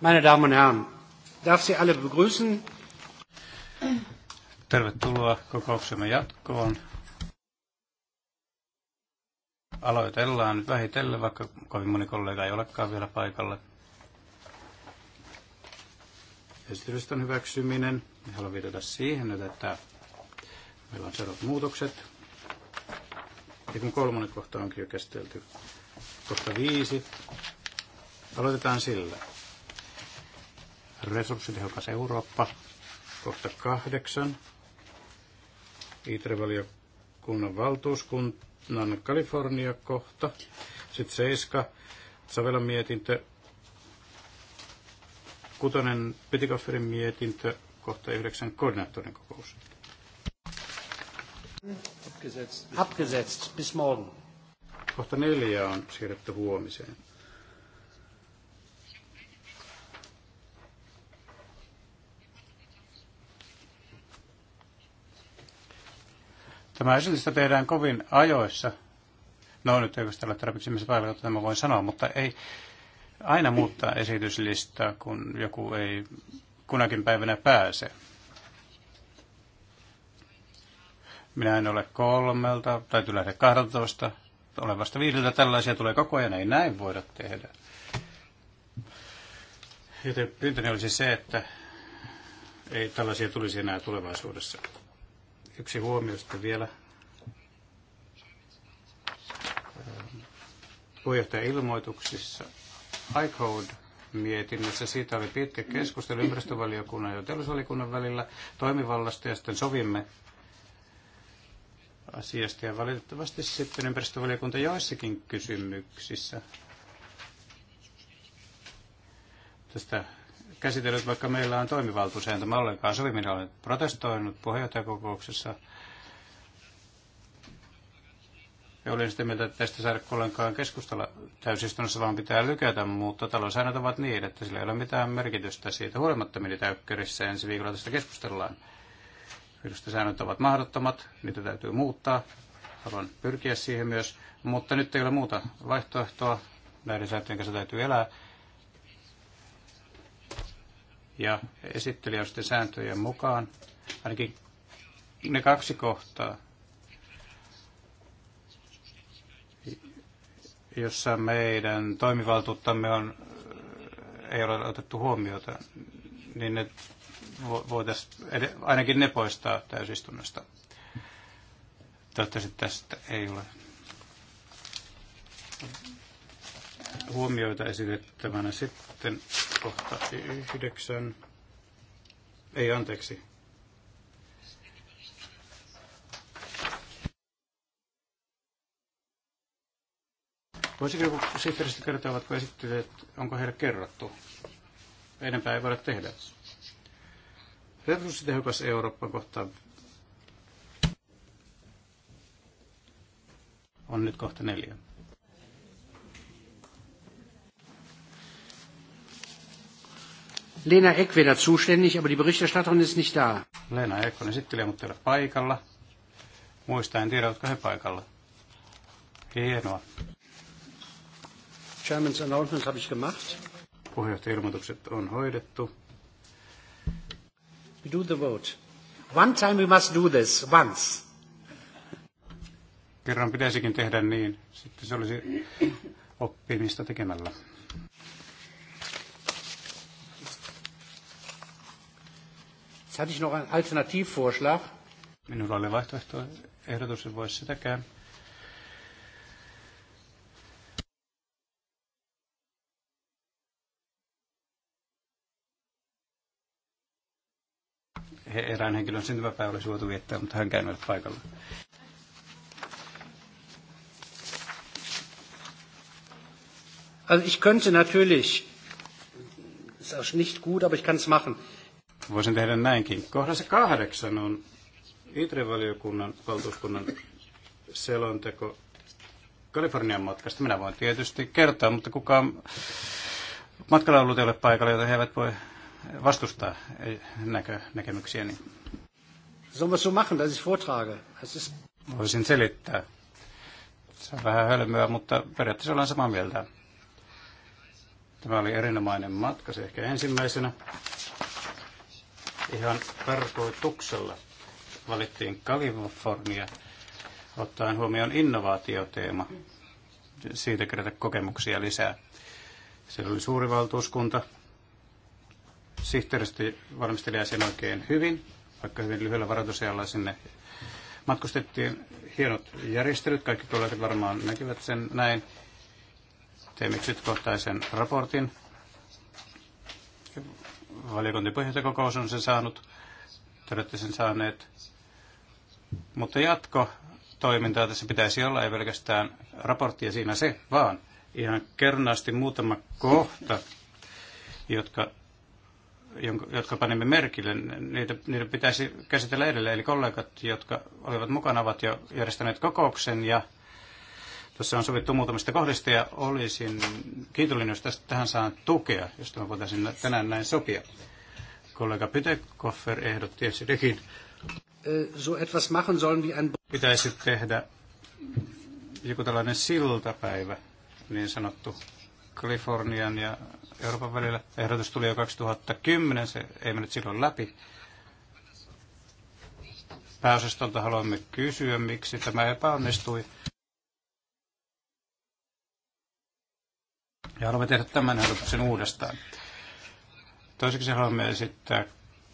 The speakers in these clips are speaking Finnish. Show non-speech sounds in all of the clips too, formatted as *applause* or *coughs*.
Meine Damen und Herren, darf Sie alle begrüßen. Tervetuloa kokouksemme jatkoon. Aloitellaan nyt vähitellen, vaikka kovin moni kollega ei olekaan vielä paikalla. Esityslistan hyväksyminen. Haluan viitata siihen että meillä on seuraavat muutokset. Ja kun kolmonen kohta onkin jo käsitelty, kohta viisi, aloitetaan sillä resurssitehokas Eurooppa, kohta kahdeksan. Itrevaliokunnan valtuuskunnan Kalifornia kohta. Sitten seiska, Savelan mietintö, kutonen Petikofferin mietintö, kohta yhdeksän koordinaattorin kokous. Abgesetzt bis morgen. Kohta neljä on siirretty huomiseen. Tämä esitystä tehdään kovin ajoissa. No nyt ei vasta ole tarpeeksi missä päivällä, tämä voin sanoa, mutta ei aina muuttaa esityslistaa, kun joku ei kunakin päivänä pääse. Minä en ole kolmelta, täytyy lähteä 12, olen vasta viideltä, tällaisia tulee koko ajan, ei näin voida tehdä. Joten pyyntöni olisi se, että ei tällaisia tulisi enää tulevaisuudessa. Yksi huomio sitten vielä. Puheenjohtajan ilmoituksissa iCode mietinnössä. Siitä oli pitkä keskustelu ympäristövaliokunnan ja teollisuusvaliokunnan välillä toimivallasta ja sitten sovimme asiasta. Ja valitettavasti sitten ympäristövaliokunta joissakin kysymyksissä tästä käsitellyt, vaikka meillä on toimivaltuuseen tämä ollenkaan sovi. Minä olen protestoinut puheenjohtajakokouksessa ja olin sitä mieltä, että tästä saada ollenkaan keskustella täysistunnossa, vaan pitää lykätä, mutta taloussäännöt ovat niin, että sillä ei ole mitään merkitystä siitä huolimatta, mitä täykkärissä ensi viikolla tästä keskustellaan. Minusta säännöt ovat mahdottomat, niitä täytyy muuttaa. Haluan pyrkiä siihen myös, mutta nyt ei ole muuta vaihtoehtoa. Näiden sääntöjen kanssa täytyy elää ja esittelijöiden sääntöjen mukaan ainakin ne kaksi kohtaa, jossa meidän toimivaltuuttamme on, ei ole otettu huomiota, niin ne voitaisiin ainakin ne poistaa täysistunnosta. Toivottavasti tästä ei ole huomioita esitettävänä sitten kohta yhdeksän. Ei anteeksi. Voisiko joku sihteeristä kertoa, ovatko esittelijät, onko heille kerrottu? Enempää ei voida tehdä. Resurssitehokas Eurooppa kohta on nyt kohta neljä. Lena Ekvena zuständig, aber die Berichterstatterin ist nicht da. Lena Ekvena on esittelijä, mutta ei ole paikalla. Muista en tiedä, oletko he paikalla. Hienoa. Chairman's announcements habe ich gemacht. Puheenjohtajailmoitukset on hoidettu. We do the vote. One time we must do this, once. Kerran pitäisikin tehdä niin, sitten se olisi oppimista tekemällä. Jetzt ich noch einen Alternativvorschlag. Minulla oli vaihtoehtoehdotus, Ehdotus ei voi sitäkään. He, erään henkilön syntymäpäivä olisi voitu viettää, mutta hän käynyt paikalla. Also ich könnte natürlich, ist auch nicht gut, aber ich kann es machen Voisin tehdä näinkin. Kohdassa kahdeksan on ITRE-valiokunnan valtuuskunnan selonteko Kalifornian matkasta. Minä voin tietysti kertoa, mutta kukaan matkalla ollut ei ole paikalla, jota he eivät voi vastustaa näkö, näkemyksiäni. Niin. so machen, dass ich vortrage? ist... Voisin selittää. Se on vähän hölmöä, mutta periaatteessa ollaan samaa mieltä. Tämä oli erinomainen matka, se ehkä ensimmäisenä ihan tarkoituksella valittiin Kalifornia ottaen huomioon innovaatioteema. Siitä kerätä kokemuksia lisää. Siellä oli suuri valtuuskunta. Sihteeristö valmisteli sen oikein hyvin, vaikka hyvin lyhyellä varoitusajalla sinne matkustettiin. Hienot järjestelyt, kaikki kollegat varmaan näkivät sen näin. Teimme yksityiskohtaisen raportin valiokuntien puheenjohtajakokous on sen saanut, te olette sen saaneet. Mutta jatko toimintaa tässä pitäisi olla, ei pelkästään raporttia siinä se, vaan ihan kernaasti muutama kohta, jotka, jotka panimme merkille, niitä, niitä pitäisi käsitellä edelleen. Eli kollegat, jotka olivat mukana, ovat jo järjestäneet kokouksen ja Tuossa on sovittu muutamista kohdista ja olisin kiitollinen, jos tästä tähän saan tukea, jos tämä voitaisiin tänään näin sopia. Kollega Pytekoffer ehdotti esitekin. So etwas machen sollen wie ein... Pitäisi tehdä joku tällainen siltapäivä, niin sanottu, Kalifornian ja Euroopan välillä. Ehdotus tuli jo 2010, se ei mennyt silloin läpi. Pääosastolta haluamme kysyä, miksi tämä epäonnistui. Ja haluamme tehdä tämän ehdotuksen uudestaan. Toiseksi haluamme esittää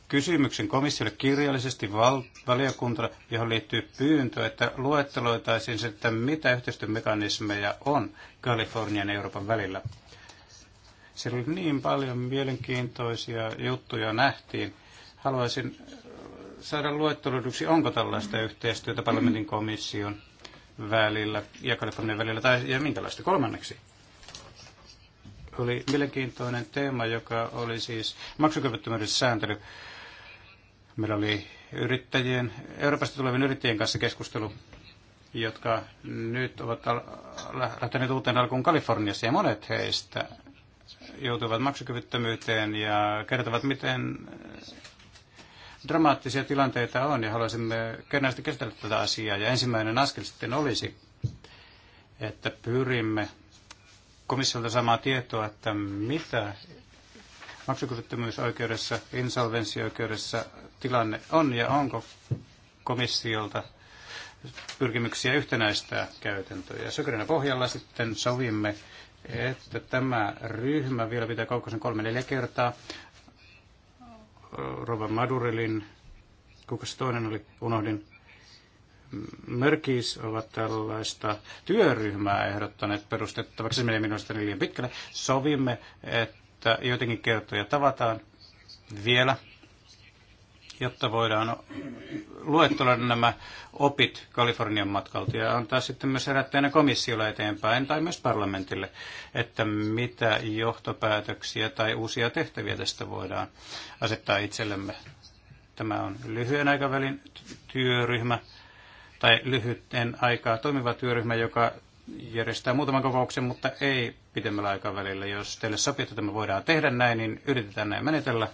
kysymyksen komissiolle kirjallisesti val- valiokunta, johon liittyy pyyntö, että luetteloitaisiin sitten, mitä yhteistyömekanismeja on Kalifornian ja Euroopan välillä. Siellä oli niin paljon mielenkiintoisia juttuja nähtiin. Haluaisin saada luetteloiduksi, onko tällaista yhteistyötä parlamentin komission välillä ja Kalifornian välillä, tai ja minkälaista kolmanneksi oli mielenkiintoinen teema, joka oli siis maksukyvyttömyyden sääntely. Meillä oli yrittäjien, Euroopasta tulevien yrittäjien kanssa keskustelu, jotka nyt ovat lähteneet uuteen alkuun Kaliforniassa, ja monet heistä joutuvat maksukyvyttömyyteen ja kertovat, miten dramaattisia tilanteita on, ja haluaisimme kernaasti käsitellä tätä asiaa. Ja ensimmäinen askel sitten olisi, että pyrimme komissiolta samaa tietoa, että mitä maksukyvyttömyysoikeudessa, insolvenssioikeudessa tilanne on ja onko komissiolta pyrkimyksiä yhtenäistää käytäntöjä. Sykerinä pohjalla sitten sovimme, että tämä ryhmä vielä pitää kaukaisen kolme neljä kertaa. Rova Madurelin, kuka se toinen oli, unohdin, Merkis ovat tällaista työryhmää ehdottaneet perustettavaksi. Se menee minusta liian pitkälle. Sovimme, että joitakin kertoja tavataan vielä, jotta voidaan luettella nämä opit Kalifornian matkalta ja antaa sitten myös herättäjänä komissiolle eteenpäin tai myös parlamentille, että mitä johtopäätöksiä tai uusia tehtäviä tästä voidaan asettaa itsellemme. Tämä on lyhyen aikavälin työryhmä tai lyhyten aikaa toimiva työryhmä, joka järjestää muutaman kokouksen, mutta ei pidemmällä aikavälillä. Jos teille sopii, että me voidaan tehdä näin, niin yritetään näin menetellä.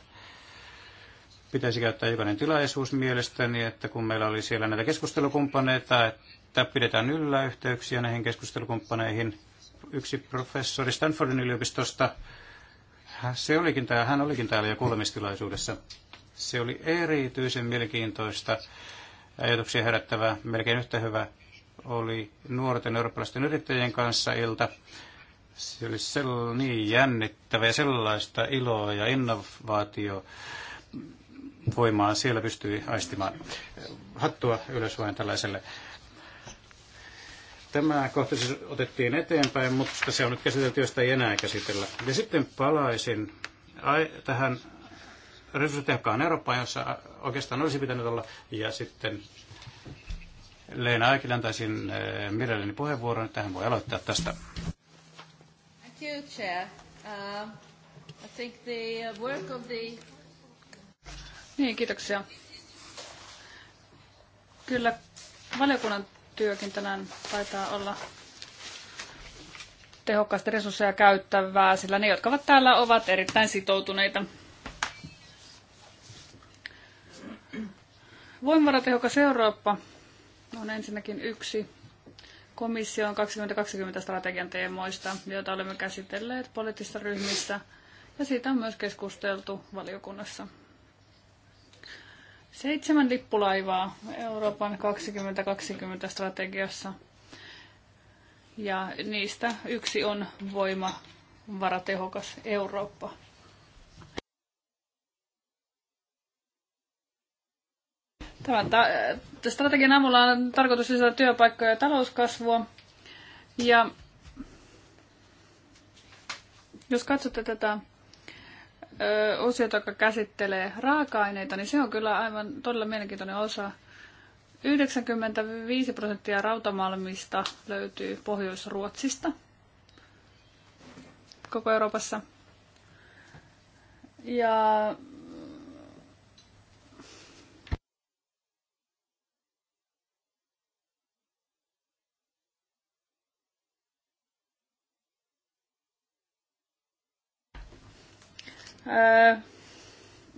Pitäisi käyttää jokainen tilaisuus mielestäni, että kun meillä oli siellä näitä keskustelukumppaneita, että pidetään yllä yhteyksiä näihin keskustelukumppaneihin. Yksi professori Stanfordin yliopistosta, se olikin tää, hän olikin täällä jo kuulemistilaisuudessa. Se oli erityisen mielenkiintoista ajatuksia herättävä, melkein yhtä hyvä oli nuorten eurooppalaisten yrittäjien kanssa ilta. Se oli niin jännittävä ja sellaista iloa ja innovaatio voimaa siellä pystyi aistimaan. Hattua ylös vain tällaiselle. Tämä kohta siis otettiin eteenpäin, mutta se on nyt käsitelty, josta ei enää käsitellä. Ja sitten palaisin tähän resurssitehokkaan Eurooppaan, jossa oikeastaan olisi pitänyt olla. Ja sitten Leena Aikille antaisin eh, mielelläni puheenvuoron, että hän voi aloittaa tästä. Thank you, Chair. Uh, I think the work of the... Niin, kiitoksia. Kyllä valiokunnan työkin tänään taitaa olla tehokkaasti resursseja käyttävää, sillä ne, jotka ovat täällä, ovat erittäin sitoutuneita Voimavaratehokas Eurooppa on ensinnäkin yksi komission 2020 strategian teemoista, joita olemme käsitelleet poliittisissa ryhmissä, ja siitä on myös keskusteltu valiokunnassa. Seitsemän lippulaivaa Euroopan 2020 strategiassa, ja niistä yksi on voimavaratehokas Eurooppa. Tämän ta- strategian avulla on tarkoitus lisätä työpaikkoja ja talouskasvua. Ja jos katsotte tätä osiota, joka käsittelee raaka-aineita, niin se on kyllä aivan todella mielenkiintoinen osa. 95 prosenttia rautamalmista löytyy Pohjois-Ruotsista koko Euroopassa. Ja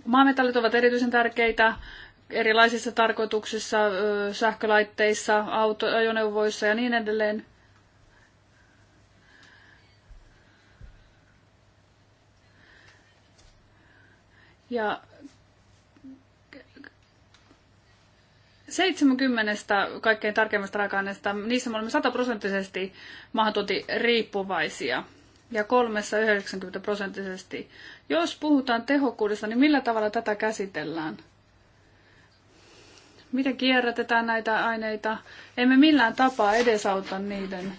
Maametallit ovat erityisen tärkeitä erilaisissa tarkoituksissa, sähkölaitteissa, auto, ajoneuvoissa ja niin edelleen. Ja 70 kaikkein tärkeimmistä raaka aineista niissä me olemme sataprosenttisesti maahantuontiriippuvaisia. riippuvaisia ja kolmessa 90 prosenttisesti. Jos puhutaan tehokkuudesta, niin millä tavalla tätä käsitellään? Miten kierrätetään näitä aineita? Emme millään tapaa edesauta niiden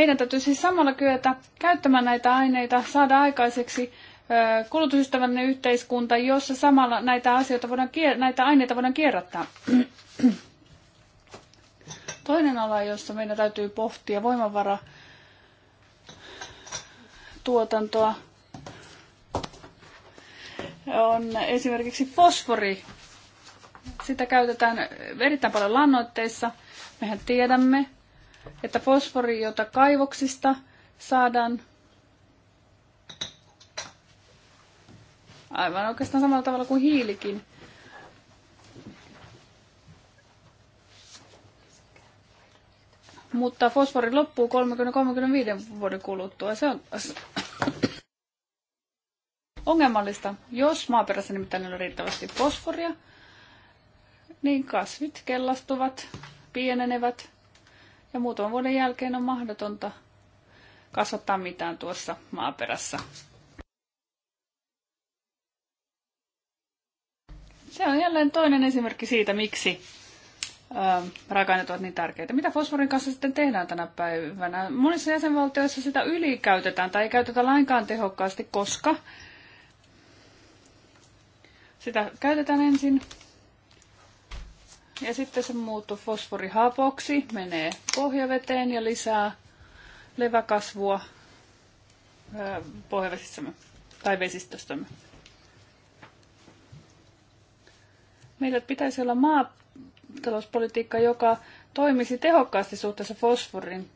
Meidän täytyy siis samalla kyetä käyttämään näitä aineita, saada aikaiseksi kulutusystävällinen yhteiskunta, jossa samalla näitä, asioita voidaan, näitä aineita voidaan kierrättää. *clears throat* Toinen ala, jossa meidän täytyy pohtia voimavara tuotantoa, on esimerkiksi fosfori. Sitä käytetään erittäin paljon lannoitteissa. Mehän tiedämme, että fosfori, jota kaivoksista saadaan aivan oikeastaan samalla tavalla kuin hiilikin, mutta fosfori loppuu 30-35 vuoden kuluttua. Se on ongelmallista. Jos maaperässä nimittäin on riittävästi fosforia, niin kasvit kellastuvat, pienenevät ja muutaman vuoden jälkeen on mahdotonta kasvattaa mitään tuossa maaperässä. Se on jälleen toinen esimerkki siitä, miksi raaka-aineet ovat niin tärkeitä. Mitä fosforin kanssa sitten tehdään tänä päivänä? Monissa jäsenvaltioissa sitä ylikäytetään tai ei käytetä lainkaan tehokkaasti, koska sitä käytetään ensin ja sitten se muuttuu fosforihapoksi, menee pohjaveteen ja lisää leväkasvua pohjavesissämme tai vesistöstämme. Meillä pitäisi olla maatalouspolitiikka, joka toimisi tehokkaasti suhteessa fosforin,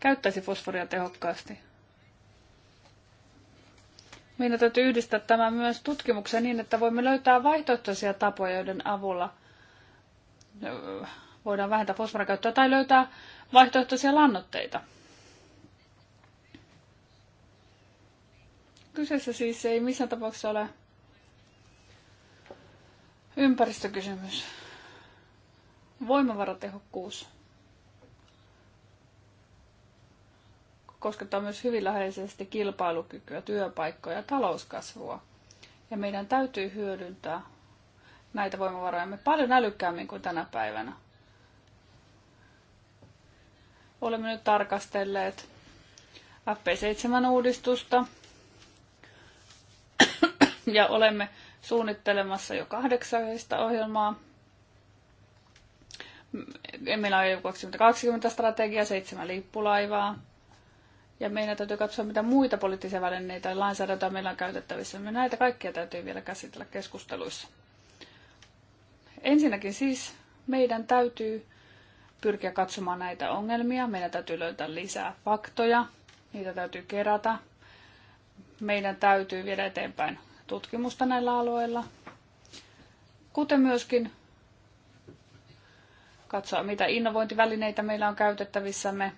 käyttäisi fosforia tehokkaasti. Meidän täytyy yhdistää tämä myös tutkimukseen niin, että voimme löytää vaihtoehtoisia tapoja, joiden avulla – voidaan vähentää fosforikäyttöä tai löytää vaihtoehtoisia lannoitteita. Kyseessä siis ei missään tapauksessa ole ympäristökysymys. Voimavaratehokkuus koskettaa myös hyvin läheisesti kilpailukykyä, työpaikkoja ja talouskasvua. Ja meidän täytyy hyödyntää näitä voimavarojamme paljon älykkäämmin kuin tänä päivänä. Olemme nyt tarkastelleet FP7-uudistusta *clears throat* ja olemme suunnittelemassa jo kahdeksaista ohjelmaa. Meillä on jo 2020 strategia, seitsemän lippulaivaa. Ja meidän täytyy katsoa, mitä muita poliittisia välineitä ja lainsäädäntöä meillä on käytettävissä. Me näitä kaikkia täytyy vielä käsitellä keskusteluissa. Ensinnäkin siis meidän täytyy pyrkiä katsomaan näitä ongelmia. Meidän täytyy löytää lisää faktoja. Niitä täytyy kerätä. Meidän täytyy viedä eteenpäin tutkimusta näillä alueilla. Kuten myöskin katsoa, mitä innovointivälineitä meillä on käytettävissämme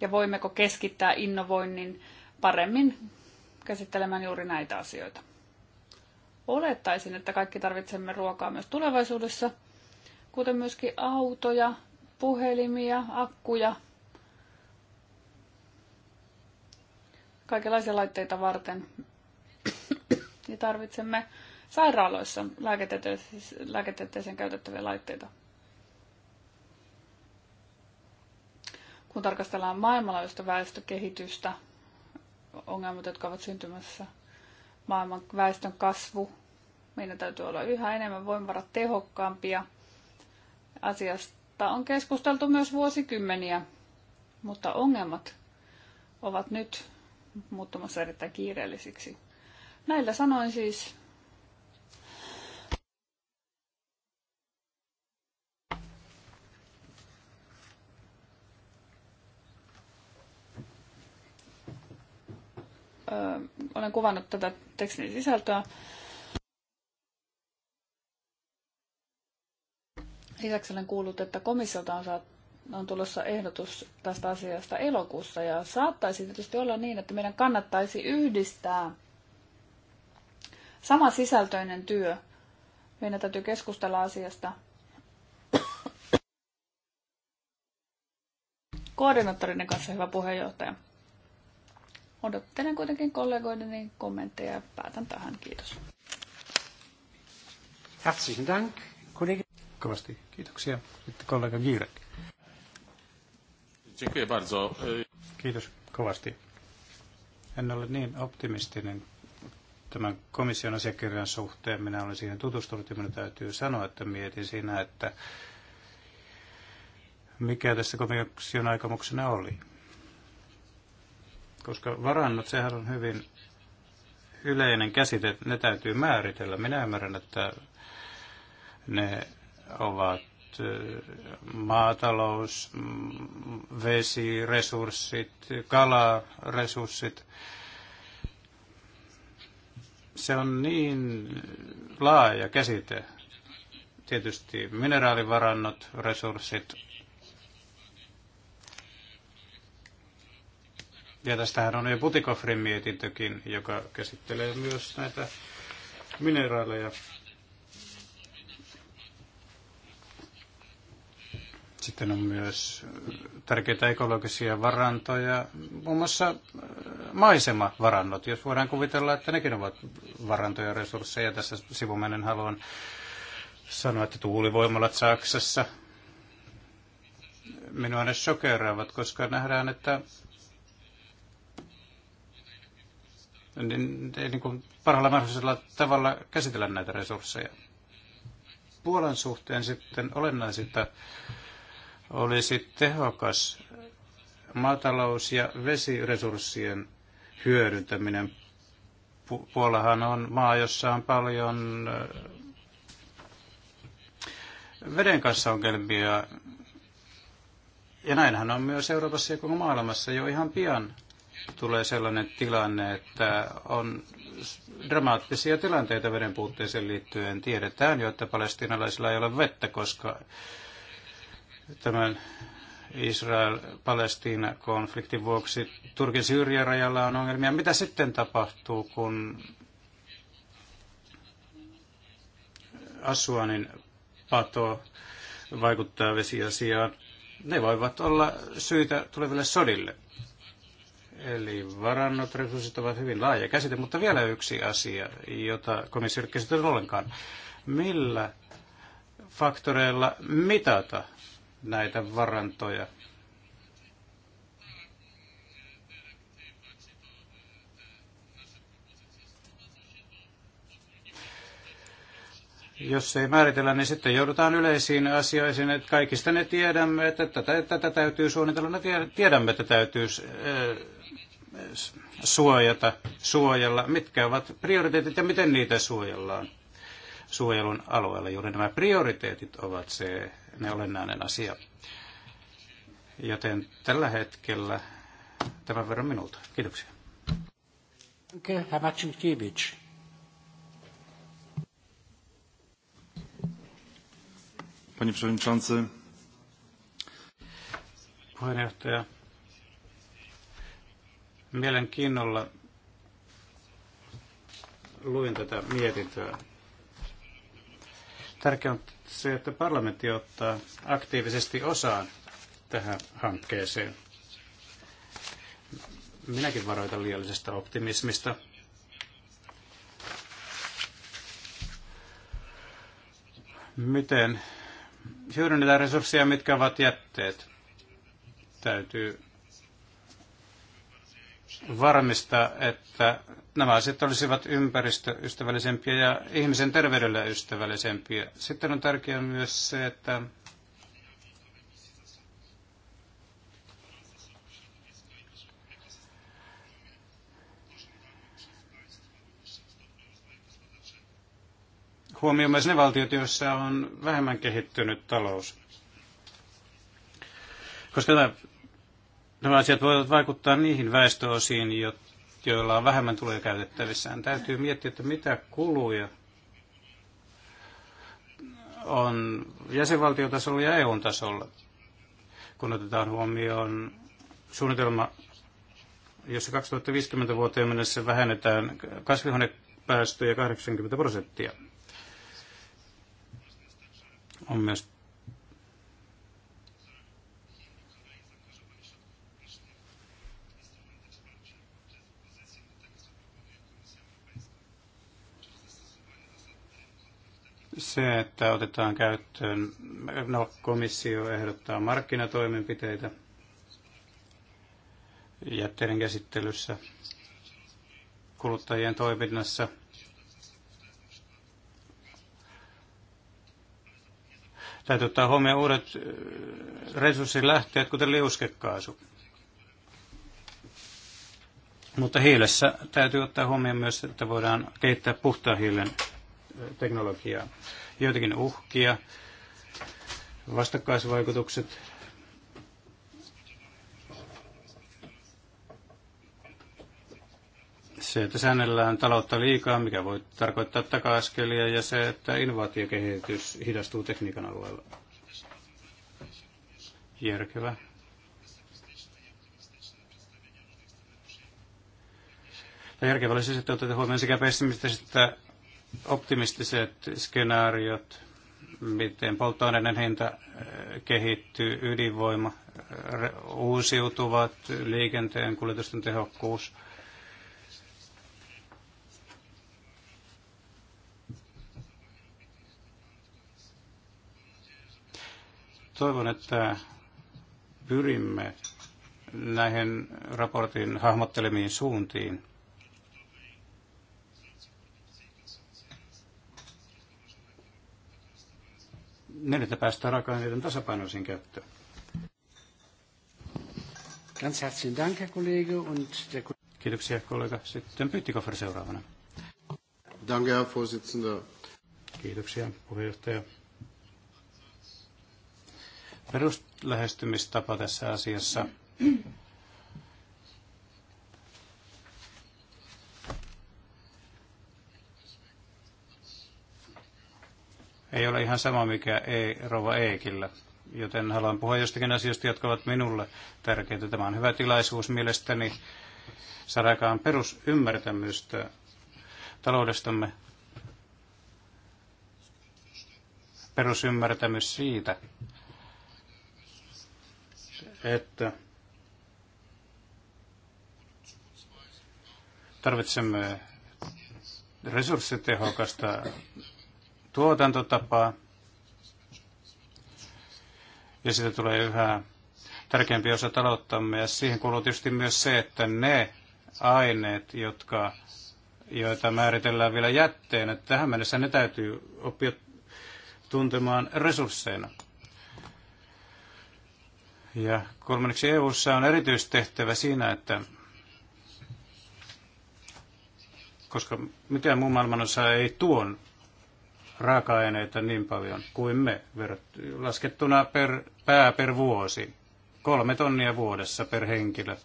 ja voimmeko keskittää innovoinnin paremmin käsittelemään juuri näitä asioita. Olettaisin, että kaikki tarvitsemme ruokaa myös tulevaisuudessa, kuten myöskin autoja, puhelimia, akkuja, kaikenlaisia laitteita varten. Ja tarvitsemme sairaaloissa lääketieteeseen käytettäviä laitteita. Kun tarkastellaan maailmanlaajuista väestökehitystä, ongelmat, jotka ovat syntymässä – maailman väestön kasvu. Meidän täytyy olla yhä enemmän voimavarat tehokkaampia. Asiasta on keskusteltu myös vuosikymmeniä, mutta ongelmat ovat nyt muuttumassa erittäin kiireellisiksi. Näillä sanoin siis olen kuvannut tätä tekstin sisältöä. Lisäksi olen kuullut, että komissiolta on, on tulossa ehdotus tästä asiasta elokuussa ja saattaisi tietysti olla niin, että meidän kannattaisi yhdistää sama sisältöinen työ. Meidän täytyy keskustella asiasta koordinaattorinen kanssa hyvä puheenjohtaja. Odottelen kuitenkin kollegoideni kommentteja ja päätän tähän. Kiitos. Herzlichen Dank, kollega. Kovasti kiitoksia. Sitten kollega Girek. Dziękuję bardzo. Kiitos kovasti. En ole niin optimistinen tämän komission asiakirjan suhteen. Minä olen siihen tutustunut ja minun täytyy sanoa, että mietin siinä, että mikä tässä komission aikomuksena oli. Koska varannot, sehän on hyvin yleinen käsite, että ne täytyy määritellä. Minä ymmärrän, että ne ovat maatalous, mm, vesiresurssit, kalaresurssit. Se on niin laaja käsite. Tietysti mineraalivarannot, resurssit, Ja tästähän on jo Putikofrin mietintökin, joka käsittelee myös näitä mineraaleja. Sitten on myös tärkeitä ekologisia varantoja, muun muassa äh, maisemavarannot, jos voidaan kuvitella, että nekin ovat varantoja resursseja. Tässä sivumennen haluan sanoa, että tuulivoimalat Saksassa minua ne shokeraavat, koska nähdään, että niin, niin kuin parhaalla mahdollisella tavalla käsitellä näitä resursseja. Puolan suhteen sitten olennaisinta olisi tehokas maatalous- ja vesiresurssien hyödyntäminen. Puolahan on maa, jossa on paljon veden kanssa ongelmia. Ja näinhän on myös Euroopassa ja koko maailmassa jo ihan pian tulee sellainen tilanne, että on dramaattisia tilanteita veden puutteeseen liittyen. Tiedetään jo, että palestinalaisilla ei ole vettä, koska tämän Israel-Palestiina-konfliktin vuoksi Turkin Syyrian rajalla on ongelmia. Mitä sitten tapahtuu, kun Asuanin pato vaikuttaa vesiasiaan? Ne voivat olla syitä tuleville sodille. Eli varannot, resurssit ovat hyvin laaja käsite, mutta vielä yksi asia, jota komissio ei käsitellyt ollenkaan. Millä faktoreilla mitata näitä varantoja? Jos ei määritellä, niin sitten joudutaan yleisiin asioihin, että kaikista ne tiedämme, että tätä, tätä täytyy suunnitella, ne no, tiedämme, että täytyy suojata, suojella, mitkä ovat prioriteetit ja miten niitä suojellaan suojelun alueella. Juuri nämä prioriteetit ovat se, ne olennainen asia. Joten tällä hetkellä tämän verran minulta. Kiitoksia. Okay, Panie Przewodniczący. Puheenjohtaja, Mielenkiinnolla luin tätä mietintöä. Tärkeää on se, että parlamentti ottaa aktiivisesti osaan tähän hankkeeseen. Minäkin varoitan liiallisesta optimismista. Miten hyödynnetään resursseja, mitkä ovat jätteet? Täytyy varmistaa, että nämä asiat olisivat ympäristöystävällisempiä ja ihmisen terveydelle ystävällisempiä. Sitten on tärkeää myös se, että huomioon myös ne valtiot, joissa on vähemmän kehittynyt talous. Koska tämä nämä asiat voivat vaikuttaa niihin väestöosiin, joilla on vähemmän tuloja käytettävissään. Täytyy miettiä, että mitä kuluja on jäsenvaltiotasolla ja eu tasolla, kun otetaan huomioon suunnitelma, jossa 2050 vuoteen mennessä vähennetään kasvihuonepäästöjä 80 prosenttia. On myös se, että otetaan käyttöön, no komissio ehdottaa markkinatoimenpiteitä jätteiden käsittelyssä, kuluttajien toiminnassa. Täytyy ottaa huomioon uudet äh, resurssilähteet, kuten liuskekaasu. Mutta hiilessä täytyy ottaa huomioon myös, että voidaan kehittää puhtaan hiilen äh, teknologiaa joitakin uhkia, vastakkaisvaikutukset. Se, että säännellään taloutta liikaa, mikä voi tarkoittaa taka-askelia, ja se, että innovaatiokehitys hidastuu tekniikan alueella. Järkevä. järkevä olisi, että otetaan huomioon sekä pessimistiset että optimistiset skenaariot, miten polttoaineiden hinta äh, kehittyy, ydinvoima, äh, uusiutuvat, liikenteen kuljetusten tehokkuus. Toivon, että pyrimme näihin raportin hahmottelemiin suuntiin. niin, että päästään raaka-aineiden tasapainoisiin käyttöön. Ganz herzlichen Dank, Herr Kollege. Und der Kiitoksia, kollega. Sitten Pyttikoffer seuraavana. Danke, Herr Vorsitzender. Kiitoksia, puheenjohtaja. Peruslähestymistapa tässä asiassa ei ole ihan sama mikä ei rova Eekillä. Joten haluan puhua jostakin asioista, jotka ovat minulle tärkeitä. Tämä on hyvä tilaisuus mielestäni saadaan perusymmärtämystä taloudestamme, perusymmärtämys siitä, että tarvitsemme resurssitehokasta tuotantotapaa. Ja siitä tulee yhä tärkeämpi osa talouttamme. Ja siihen kuuluu tietysti myös se, että ne aineet, jotka, joita määritellään vielä että tähän mennessä ne täytyy oppia tuntemaan resursseina. Ja kolmanneksi EU:ssa on erityistehtävä siinä, että koska mitään muu maailmanosa ei tuon raaka-aineita niin paljon kuin me, laskettuna per, pää per vuosi, kolme tonnia vuodessa per henkilö.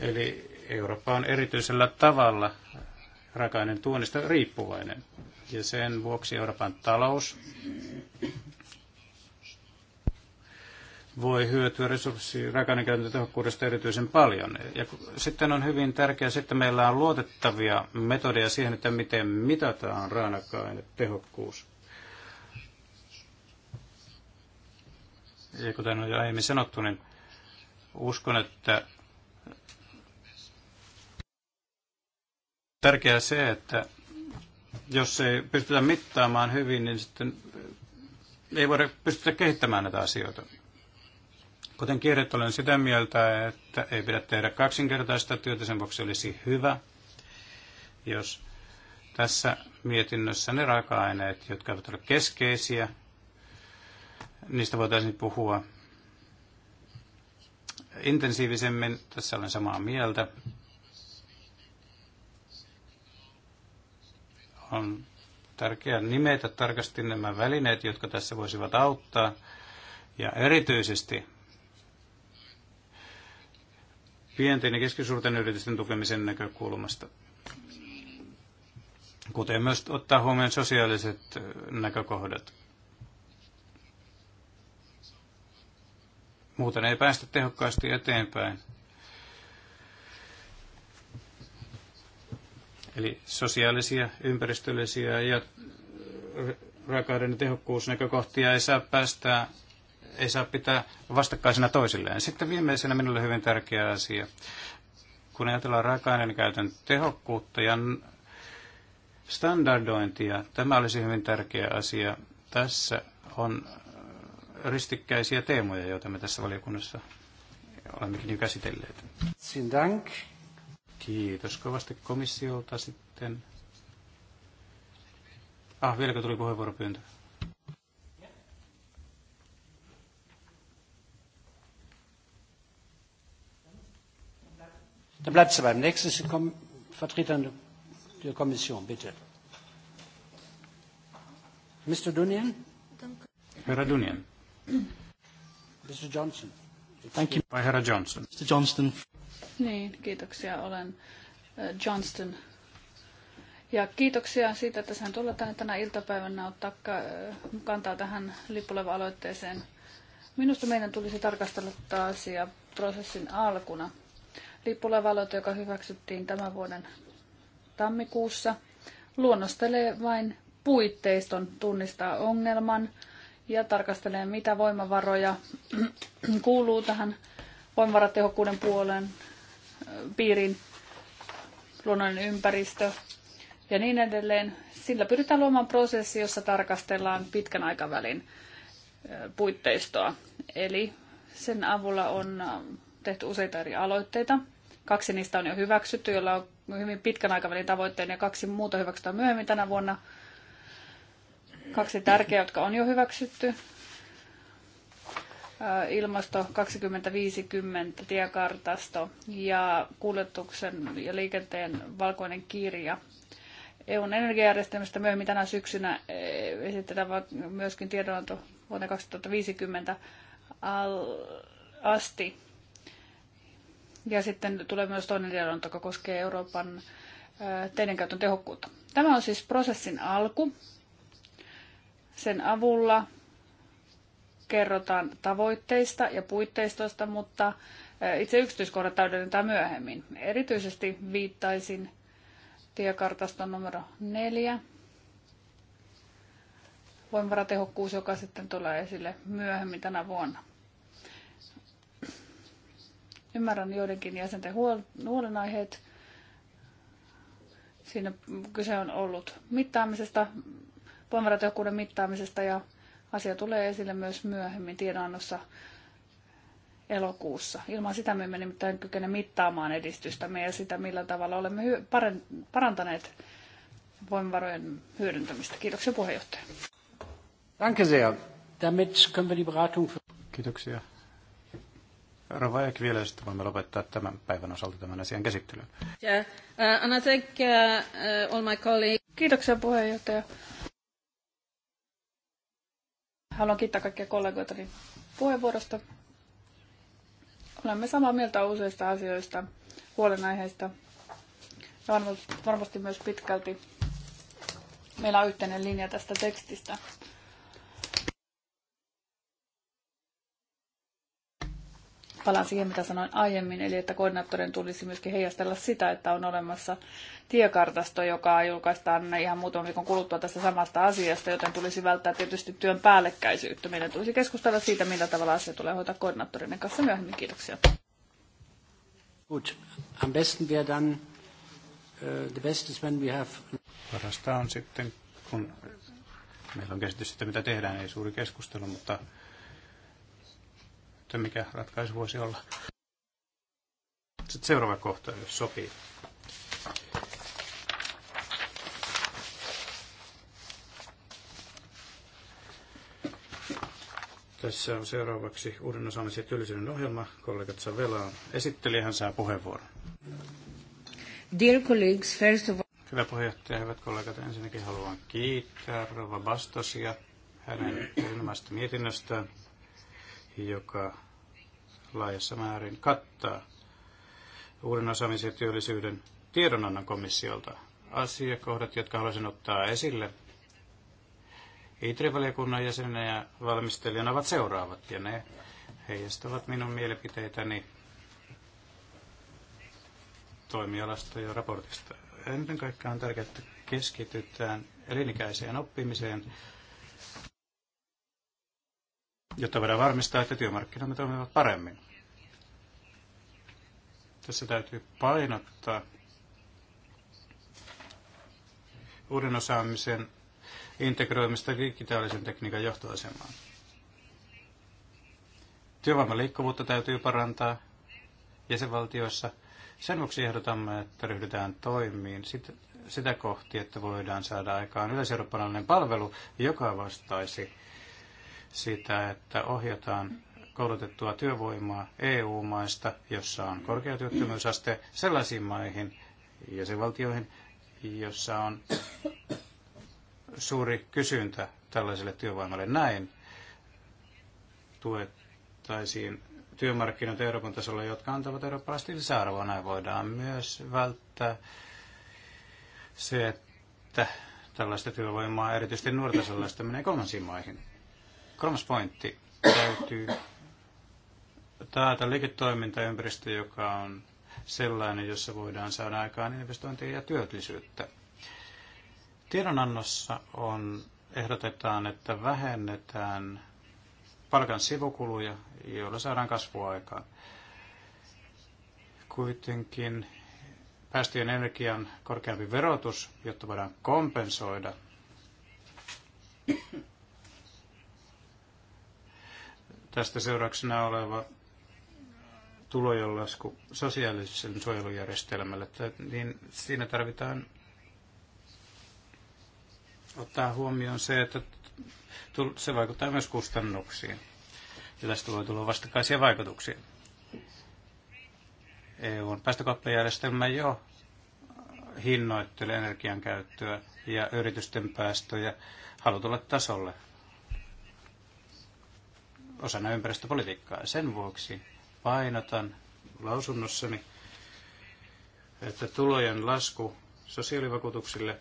Eli Eurooppa on erityisellä tavalla raaka tuonnista riippuvainen. Ja sen vuoksi Euroopan talous voi hyötyä resurssi rakennekäytön erityisen paljon. Ja sitten on hyvin tärkeää, että meillä on luotettavia metodeja siihen, että miten mitataan raaka tehokkuus. Ja kuten on jo aiemmin sanottu, niin uskon, että tärkeää se, että jos ei pystytä mittaamaan hyvin, niin sitten ei voida pystytä kehittämään näitä asioita. Kuten kirjoittu, olen sitä mieltä, että ei pidä tehdä kaksinkertaista työtä, sen vuoksi olisi hyvä, jos tässä mietinnössä ne raaka-aineet, jotka eivät ole keskeisiä, niistä voitaisiin puhua intensiivisemmin. Tässä olen samaa mieltä. On tärkeää nimetä tarkasti nämä välineet, jotka tässä voisivat auttaa. Ja erityisesti pienten ja keskisuurten yritysten tukemisen näkökulmasta. Kuten myös ottaa huomioon sosiaaliset näkökohdat. Muuten ei päästä tehokkaasti eteenpäin. Eli sosiaalisia, ympäristöllisiä ja raaka-aineiden tehokkuusnäkökohtia ei saa päästää ei saa pitää vastakkaisena toisilleen. Sitten viimeisenä minulle hyvin tärkeä asia. Kun ajatellaan raaka-aineen käytön tehokkuutta ja standardointia, tämä olisi hyvin tärkeä asia. Tässä on äh, ristikkäisiä teemoja, joita me tässä valiokunnassa olemmekin jo käsitelleet. Kiitos kovasti komissiolta sitten. Ah, vieläkö tuli puheenvuoropyyntö? Dann bleibt es beim nächsten Vertreter der Kommission, bitte. Mr. Dunian? Herra Dunian. Mr. Johnson. Thank you. Vai Johnson? Mr. Johnston. Niin, kiitoksia. Olen äh, Johnston. Ja kiitoksia siitä, että sain tulla tänne tänä iltapäivänä ottaa äh, kantaa tähän lippuleva-aloitteeseen. Minusta meidän tulisi tarkastella tätä asiaa prosessin alkuna – lippulaiva joka hyväksyttiin tämän vuoden tammikuussa, luonnostelee vain puitteiston tunnistaa ongelman ja tarkastelee, mitä voimavaroja *clears throat* kuuluu tähän voimavaratehokkuuden puoleen, piirin, luonnollinen ympäristö ja niin edelleen. Sillä pyritään luomaan prosessi, jossa tarkastellaan pitkän aikavälin puitteistoa. Eli sen avulla on tehty useita eri aloitteita. Kaksi niistä on jo hyväksytty, joilla on hyvin pitkän aikavälin tavoitteen ja kaksi muuta hyväksytään myöhemmin tänä vuonna. Kaksi tärkeää, jotka on jo hyväksytty. Ilmasto 2050 tiekartasto ja kuljetuksen ja liikenteen valkoinen kirja. EUn energiajärjestelmästä myöhemmin tänä syksynä e, esitetään myöskin tiedonanto vuonna 2050 asti ja sitten tulee myös toinen tiedonanto, joka koskee Euroopan teiden käytön tehokkuutta. Tämä on siis prosessin alku. Sen avulla kerrotaan tavoitteista ja puitteistosta, mutta itse yksityiskohdat täydennetään myöhemmin. Erityisesti viittaisin tiekartaston numero neljä, voimavaratehokkuus, joka sitten tulee esille myöhemmin tänä vuonna. Ymmärrän joidenkin jäsenten huolenaiheet. Siinä kyse on ollut mittaamisesta, voimaratehokkuuden mittaamisesta ja asia tulee esille myös myöhemmin tiedonannossa elokuussa. Ilman sitä me emme nimittäin kykene mittaamaan edistystä ja sitä, millä tavalla olemme parantaneet voimavarojen hyödyntämistä. Kiitoksia puheenjohtaja. Danke sehr. Damit können wir die Beratung... Kiitoksia. Rova Ek sitten voimme lopettaa tämän päivän osalta tämän asian käsittelyn. Yeah. Uh, thank uh, uh, all my colleagues. Kiitoksia puheenjohtaja. Haluan kiittää kaikkia kollegoitani puheenvuorosta. Olemme samaa mieltä useista asioista, huolenaiheista ja varmasti myös pitkälti meillä on yhteinen linja tästä tekstistä. palaan siihen, mitä sanoin aiemmin, eli että koordinaattorin tulisi myöskin heijastella sitä, että on olemassa tiekartasto, joka julkaistaan ihan muutaman viikon kuluttua tästä samasta asiasta, joten tulisi välttää tietysti työn päällekkäisyyttä. Meidän tulisi keskustella siitä, millä tavalla asia tulee hoitaa koordinaattorin kanssa myöhemmin. Kiitoksia. Gut. Am besten wäre dann, uh, the best is when we have... Parasta on sitten, kun meillä on käsitys siitä, mitä tehdään, ei suuri keskustelu, mutta sitten, mikä ratkaisu voisi olla. Sitten seuraava kohta, jos sopii. Tässä on seuraavaksi uuden osaamisen ja työllisyyden ohjelma. Kollegat Savela on esittelijä, saa puheenvuoron. Dear colleagues, first of all... Hyvä puheenjohtaja, hyvät kollegat, ensinnäkin haluan kiittää Rova Bastosia hänen erinomaista mietinnöstään joka laajassa määrin kattaa uuden osaamisen ja työllisyyden tiedonannon komissiolta. Asiakohdat, jotka haluaisin ottaa esille ITRI-valiokunnan jäsenenä ja valmistelijana ovat seuraavat, ja ne heijastavat minun mielipiteitäni toimialasta ja raportista. Ennen kaikkea on tärkeää, että keskitytään elinikäiseen oppimiseen jotta voidaan varmistaa, että työmarkkinamme toimivat paremmin. Tässä täytyy painottaa uuden osaamisen integroimista digitaalisen tekniikan johtoasemaan. Työvoiman liikkuvuutta täytyy parantaa jäsenvaltioissa. Sen vuoksi ehdotamme, että ryhdytään toimiin sitä kohti, että voidaan saada aikaan yleiseurooppalainen palvelu, joka vastaisi sitä, että ohjataan koulutettua työvoimaa EU-maista, jossa on korkea työttömyysaste, sellaisiin maihin ja jäsenvaltioihin, jossa on suuri kysyntä tällaiselle työvoimalle. Näin tuettaisiin työmarkkinoita Euroopan tasolla, jotka antavat eurooppalaisesti lisäarvoa. Näin voidaan myös välttää se, että tällaista työvoimaa, erityisesti nuorta sellaista, menee kolmansiin maihin. Kolmas pointti. Täytyy taata liiketoimintaympäristö, joka on sellainen, jossa voidaan saada aikaan investointia ja työllisyyttä. Tiedonannossa on, ehdotetaan, että vähennetään palkan sivukuluja, joilla saadaan kasvua aikaan. Kuitenkin päästöjen energian korkeampi verotus, jotta voidaan kompensoida tästä seurauksena oleva tulojen lasku sosiaalisen suojelujärjestelmälle, niin siinä tarvitaan ottaa huomioon se, että se vaikuttaa myös kustannuksiin. Ja tästä voi tulla vastakkaisia vaikutuksia. E on päästökauppajärjestelmä jo hinnoittelee energian käyttöä ja yritysten päästöjä halutulle tasolle osana ympäristöpolitiikkaa. Sen vuoksi painotan lausunnossani, että tulojen lasku sosiaalivakuutuksille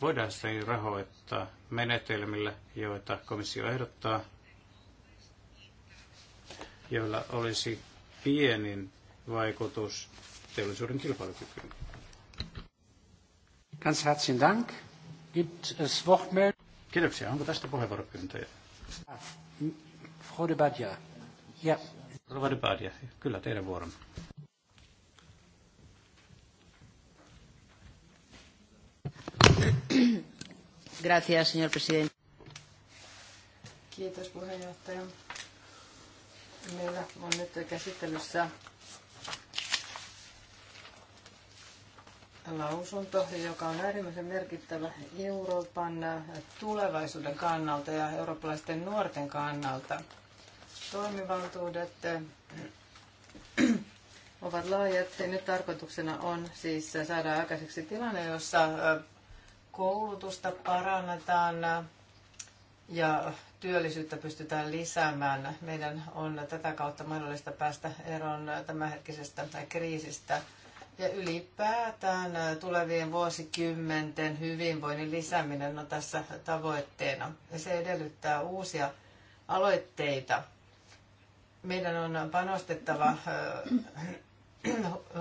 voidaan sitten rahoittaa menetelmillä, joita komissio ehdottaa, joilla olisi pienin vaikutus teollisuuden kilpailukykyyn. Ganz herzlichen Dank. Gibt es Kiitoksia. Onko tästä puheenvuoropyyntöjä? Ah, Frau de Ja. Rova kyllä teidän vuoron. Gracias, señor presidente. Kiitos puheenjohtaja. Meillä on nyt käsittelyssä lausunto, joka on äärimmäisen merkittävä Euroopan tulevaisuuden kannalta ja eurooppalaisten nuorten kannalta toimivaltuudet äh, ovat laajat. Nyt tarkoituksena on siis saada aikaiseksi tilanne, jossa äh, koulutusta parannetaan äh, ja työllisyyttä pystytään lisäämään. Meidän on tätä kautta mahdollista päästä eroon tämänhetkisestä kriisistä. Ja ylipäätään tulevien vuosikymmenten hyvinvoinnin lisääminen on tässä tavoitteena. Ja se edellyttää uusia aloitteita – meidän on panostettava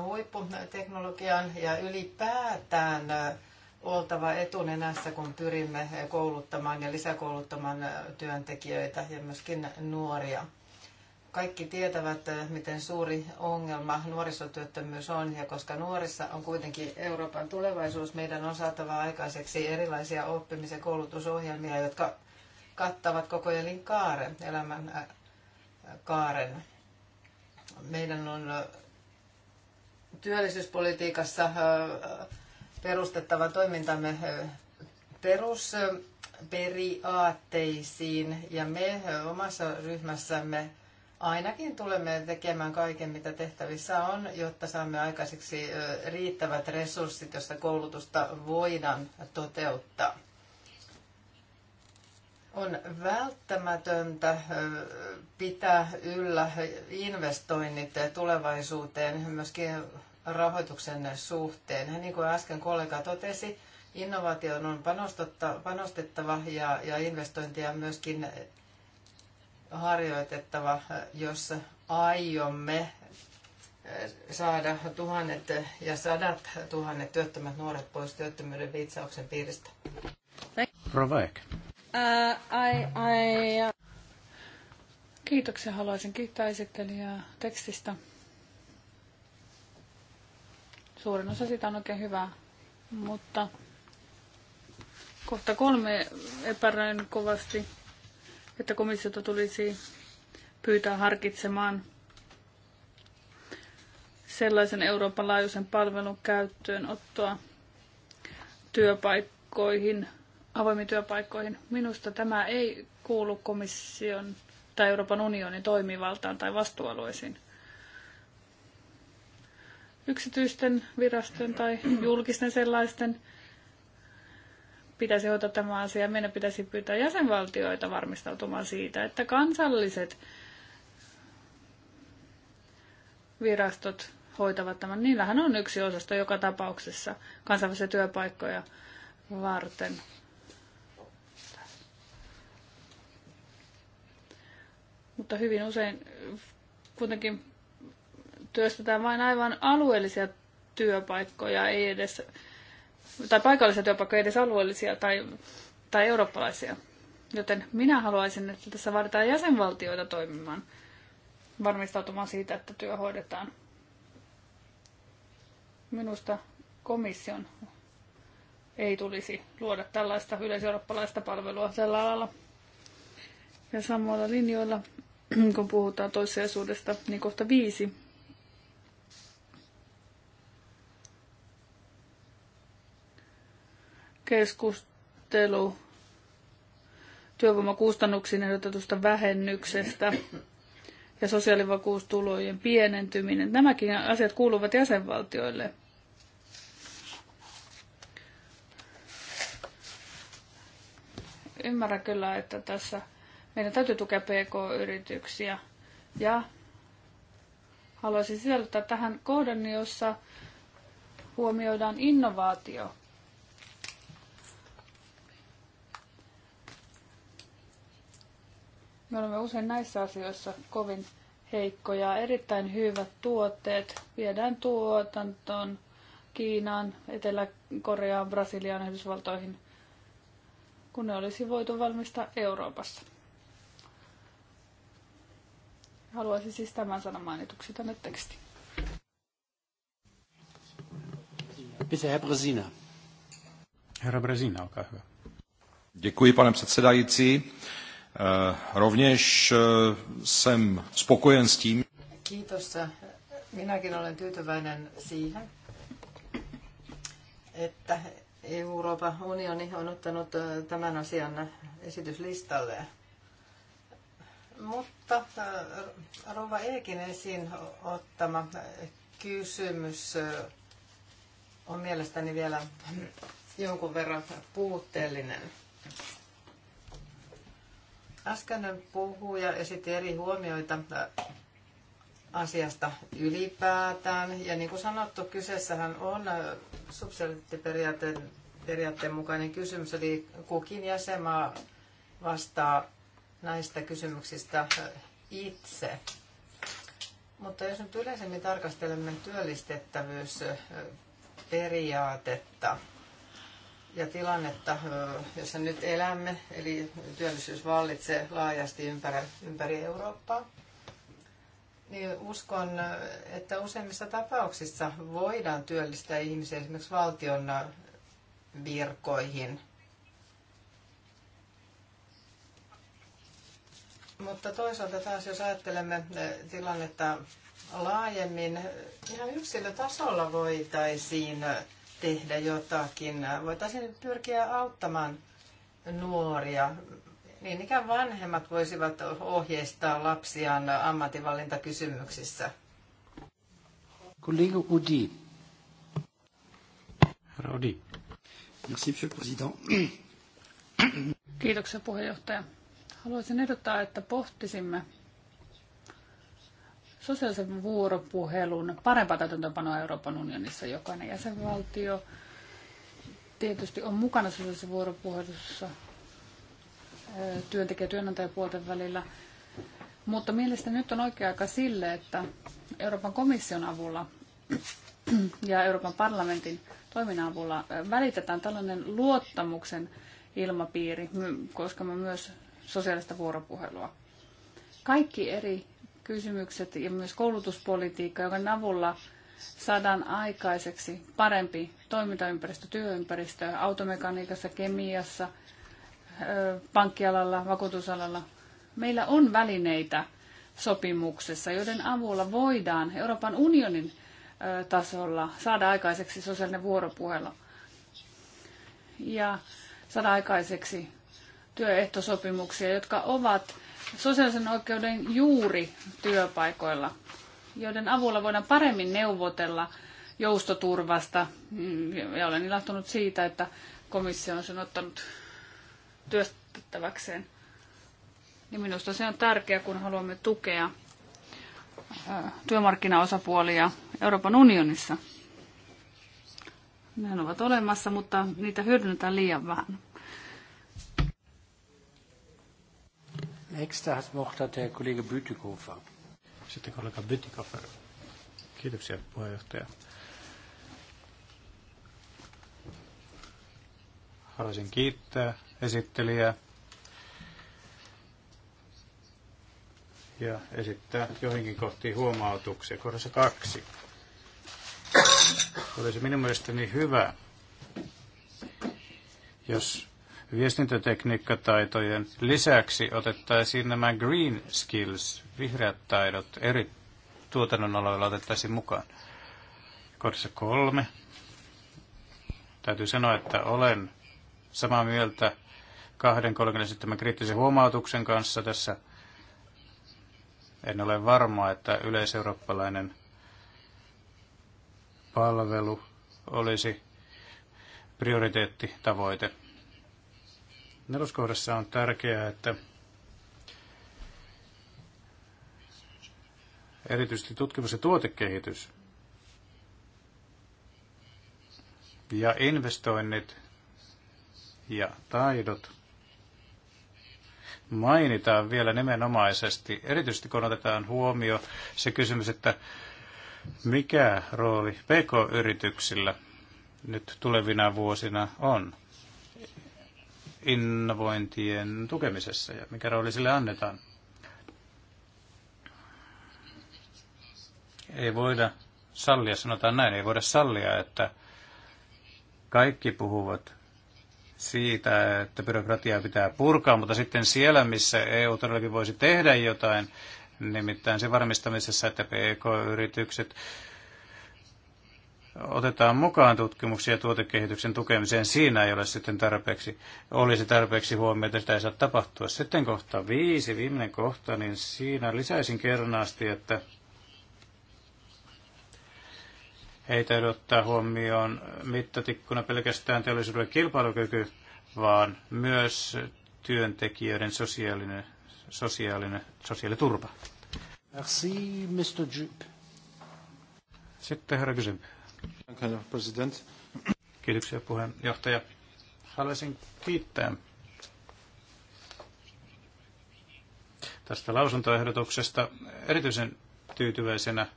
huipputeknologian ja ylipäätään oltava etunenässä, kun pyrimme kouluttamaan ja lisäkouluttamaan työntekijöitä ja myöskin nuoria. Kaikki tietävät, miten suuri ongelma nuorisotyöttömyys on, ja koska nuorissa on kuitenkin Euroopan tulevaisuus, meidän on saatava aikaiseksi erilaisia oppimisen koulutusohjelmia, jotka kattavat koko elinkaaren, elämän kaaren. Meidän on työllisyyspolitiikassa perustettava toimintamme perusperiaatteisiin ja me omassa ryhmässämme ainakin tulemme tekemään kaiken, mitä tehtävissä on, jotta saamme aikaiseksi riittävät resurssit, jossa koulutusta voidaan toteuttaa on välttämätöntä pitää yllä investoinnit tulevaisuuteen myöskin rahoituksen suhteen. Niin kuin äsken kollega totesi, innovaation on panostettava ja, ja investointia myöskin harjoitettava, jos aiomme saada tuhannet ja sadat tuhannet työttömät nuoret pois työttömyyden viitsauksen piiristä. Provaik. Uh, I, I, uh... Kiitoksia. Haluaisin kiittää esittelijää tekstistä. Suurin osa sitä on oikein hyvää, mutta kohta kolme epäröin kovasti, että komissiota tulisi pyytää harkitsemaan sellaisen Euroopan laajuisen palvelun käyttöönottoa työpaikkoihin – avoimiin työpaikkoihin. Minusta tämä ei kuulu komission tai Euroopan unionin toimivaltaan tai vastuualueisiin. Yksityisten virastojen tai julkisten sellaisten pitäisi hoitaa tämä asia. Meidän pitäisi pyytää jäsenvaltioita varmistautumaan siitä, että kansalliset virastot hoitavat tämän. Niillähän on yksi osasto joka tapauksessa kansainvälisiä työpaikkoja varten. Mutta hyvin usein kuitenkin työstetään vain aivan alueellisia työpaikkoja, ei edes, tai paikallisia työpaikkoja, ei edes alueellisia tai, tai eurooppalaisia. Joten minä haluaisin, että tässä vaaditaan jäsenvaltioita toimimaan, varmistautumaan siitä, että työ hoidetaan. Minusta komission ei tulisi luoda tällaista yleiseurooppalaista palvelua tällä alalla. Ja samoilla linjoilla *clears throat* kun puhutaan toissijaisuudesta, niin kohta viisi. Keskustelu työvoimakustannuksiin ehdotetusta vähennyksestä ja sosiaalivakuustulojen pienentyminen. Nämäkin asiat kuuluvat jäsenvaltioille. Ymmärrän kyllä, että tässä meidän täytyy tukea PK-yrityksiä ja haluaisin sisällyttää tähän kohdan, jossa huomioidaan innovaatio. Me olemme usein näissä asioissa kovin heikkoja. Erittäin hyvät tuotteet viedään tuotantoon Kiinaan, Etelä-Koreaan, Brasiliaan, Yhdysvaltoihin, kun ne olisi voitu valmistaa Euroopassa. Haluaisin siis tämän sanan mainituksi tänne tekstiin. Bitte, Herr Brezina. Herra Brezina, olkaa hyvä. Děkuji, pane předsedající. Eh, rovněž eh, jsem spokojen s tím. Kiitos. Minäkin olen tyytyväinen siihen, että Euroopan unioni on ottanut eh, tämän asian esityslistalle. Mutta äh, Rova Eekin esiin ottama kysymys äh, on mielestäni vielä jonkun verran puutteellinen. Äskeinen puhuja esitti eri huomioita äh, asiasta ylipäätään. Ja niin kuin sanottu, kyseessähän on subsidiariteettiperiaatteen mukainen kysymys, eli kukin jäsenmaa vastaa näistä kysymyksistä itse. Mutta jos nyt yleisemmin tarkastelemme työllistettävyysperiaatetta ja tilannetta, jossa nyt elämme, eli työllisyys vallitsee laajasti ympäri, ympäri Eurooppaa, niin uskon, että useimmissa tapauksissa voidaan työllistää ihmisiä esimerkiksi valtion virkoihin – Mutta toisaalta taas, jos ajattelemme eh, tilannetta laajemmin, ihan yksilötasolla voitaisiin eh, tehdä jotakin. Voitaisiin pyrkiä auttamaan nuoria. Niin ikään vanhemmat voisivat ohjeistaa lapsiaan ammatinvalintakysymyksissä. Kollega Udi. Herra Udi. Merci, monsieur le président. Kiitoksia puheenjohtaja. Haluaisin ehdottaa, että pohtisimme sosiaalisen vuoropuhelun parempaa täytäntöönpanoa Euroopan unionissa. Jokainen jäsenvaltio tietysti on mukana sosiaalisessa vuoropuhelussa työntekijä- ja työnantajapuolten välillä. Mutta mielestäni nyt on oikea aika sille, että Euroopan komission avulla *clears throat* ja Euroopan parlamentin toiminnan avulla välitetään tällainen luottamuksen ilmapiiri, koska me myös sosiaalista vuoropuhelua. Kaikki eri kysymykset ja myös koulutuspolitiikka, joka avulla saadaan aikaiseksi parempi toimintaympäristö, työympäristö automekaniikassa, kemiassa, pankkialalla, vakuutusalalla. Meillä on välineitä sopimuksessa, joiden avulla voidaan Euroopan unionin tasolla saada aikaiseksi sosiaalinen vuoropuhelu ja saada aikaiseksi työehtosopimuksia, jotka ovat sosiaalisen oikeuden juuri työpaikoilla, joiden avulla voidaan paremmin neuvotella joustoturvasta. Mm, ja olen ilahtunut siitä, että komissio on sen ottanut työstettäväkseen. Niin minusta se on tärkeää, kun haluamme tukea työmarkkinaosapuolia Euroopan unionissa. Nehän ovat olemassa, mutta niitä hyödynnetään liian vähän. Nächster hat Wortet kollega Kollege Bütikofer. Sitten kollega Bütikofer. Kiitoksia puheenjohtaja. Haluaisin kiittää esittelijää ja esittää joihinkin kohtiin huomautuksia. Kohdassa kaksi. Olisi minun mielestäni hyvä, jos viestintätekniikkataitojen lisäksi otettaisiin nämä green skills, vihreät taidot, eri tuotannon aloilla otettaisiin mukaan. Kohdassa kolme. Täytyy sanoa, että olen samaa mieltä kahden kollegan kriittisen huomautuksen kanssa tässä. En ole varma, että yleiseurooppalainen palvelu olisi prioriteettitavoite. Neloskohdassa on tärkeää, että erityisesti tutkimus ja tuotekehitys ja investoinnit ja taidot mainitaan vielä nimenomaisesti, erityisesti kun otetaan huomio se kysymys, että mikä rooli PK-yrityksillä nyt tulevina vuosina on innovointien tukemisessa ja mikä rooli sille annetaan. Ei voida sallia, sanotaan näin, ei voida sallia, että kaikki puhuvat siitä, että byrokratiaa pitää purkaa, mutta sitten siellä, missä EU todellakin voisi tehdä jotain, nimittäin se varmistamisessa, että PK-yritykset otetaan mukaan tutkimuksia tuotekehityksen tukemiseen, siinä ei ole sitten tarpeeksi, olisi tarpeeksi huomiota, sitä ei saa tapahtua. Sitten kohta viisi, viimeinen kohta, niin siinä lisäisin kernaasti, että ei täytyy ottaa huomioon mittatikkuna pelkästään teollisuuden kilpailukyky, vaan myös työntekijöiden sosiaalinen, sosiaalinen sosiaaliturva. Merci, Mr. Jupp. Sitten herra kysymys. Kiitoksia puheenjohtaja. Haluaisin kiittää tästä lausuntoehdotuksesta. Erityisen tyytyväisenä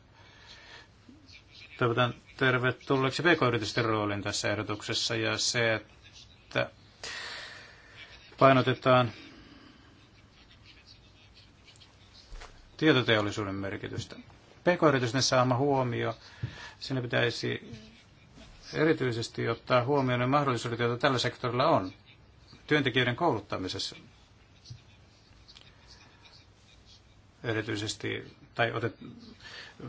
toivotan tervetulleeksi pk-yritysten roolin tässä ehdotuksessa ja se, että painotetaan tietoteollisuuden merkitystä. PK-yritysten saama huomio, sinne pitäisi erityisesti ottaa huomioon ne mahdollisuudet, joita tällä sektorilla on työntekijöiden kouluttamisessa. Erityisesti, tai otet,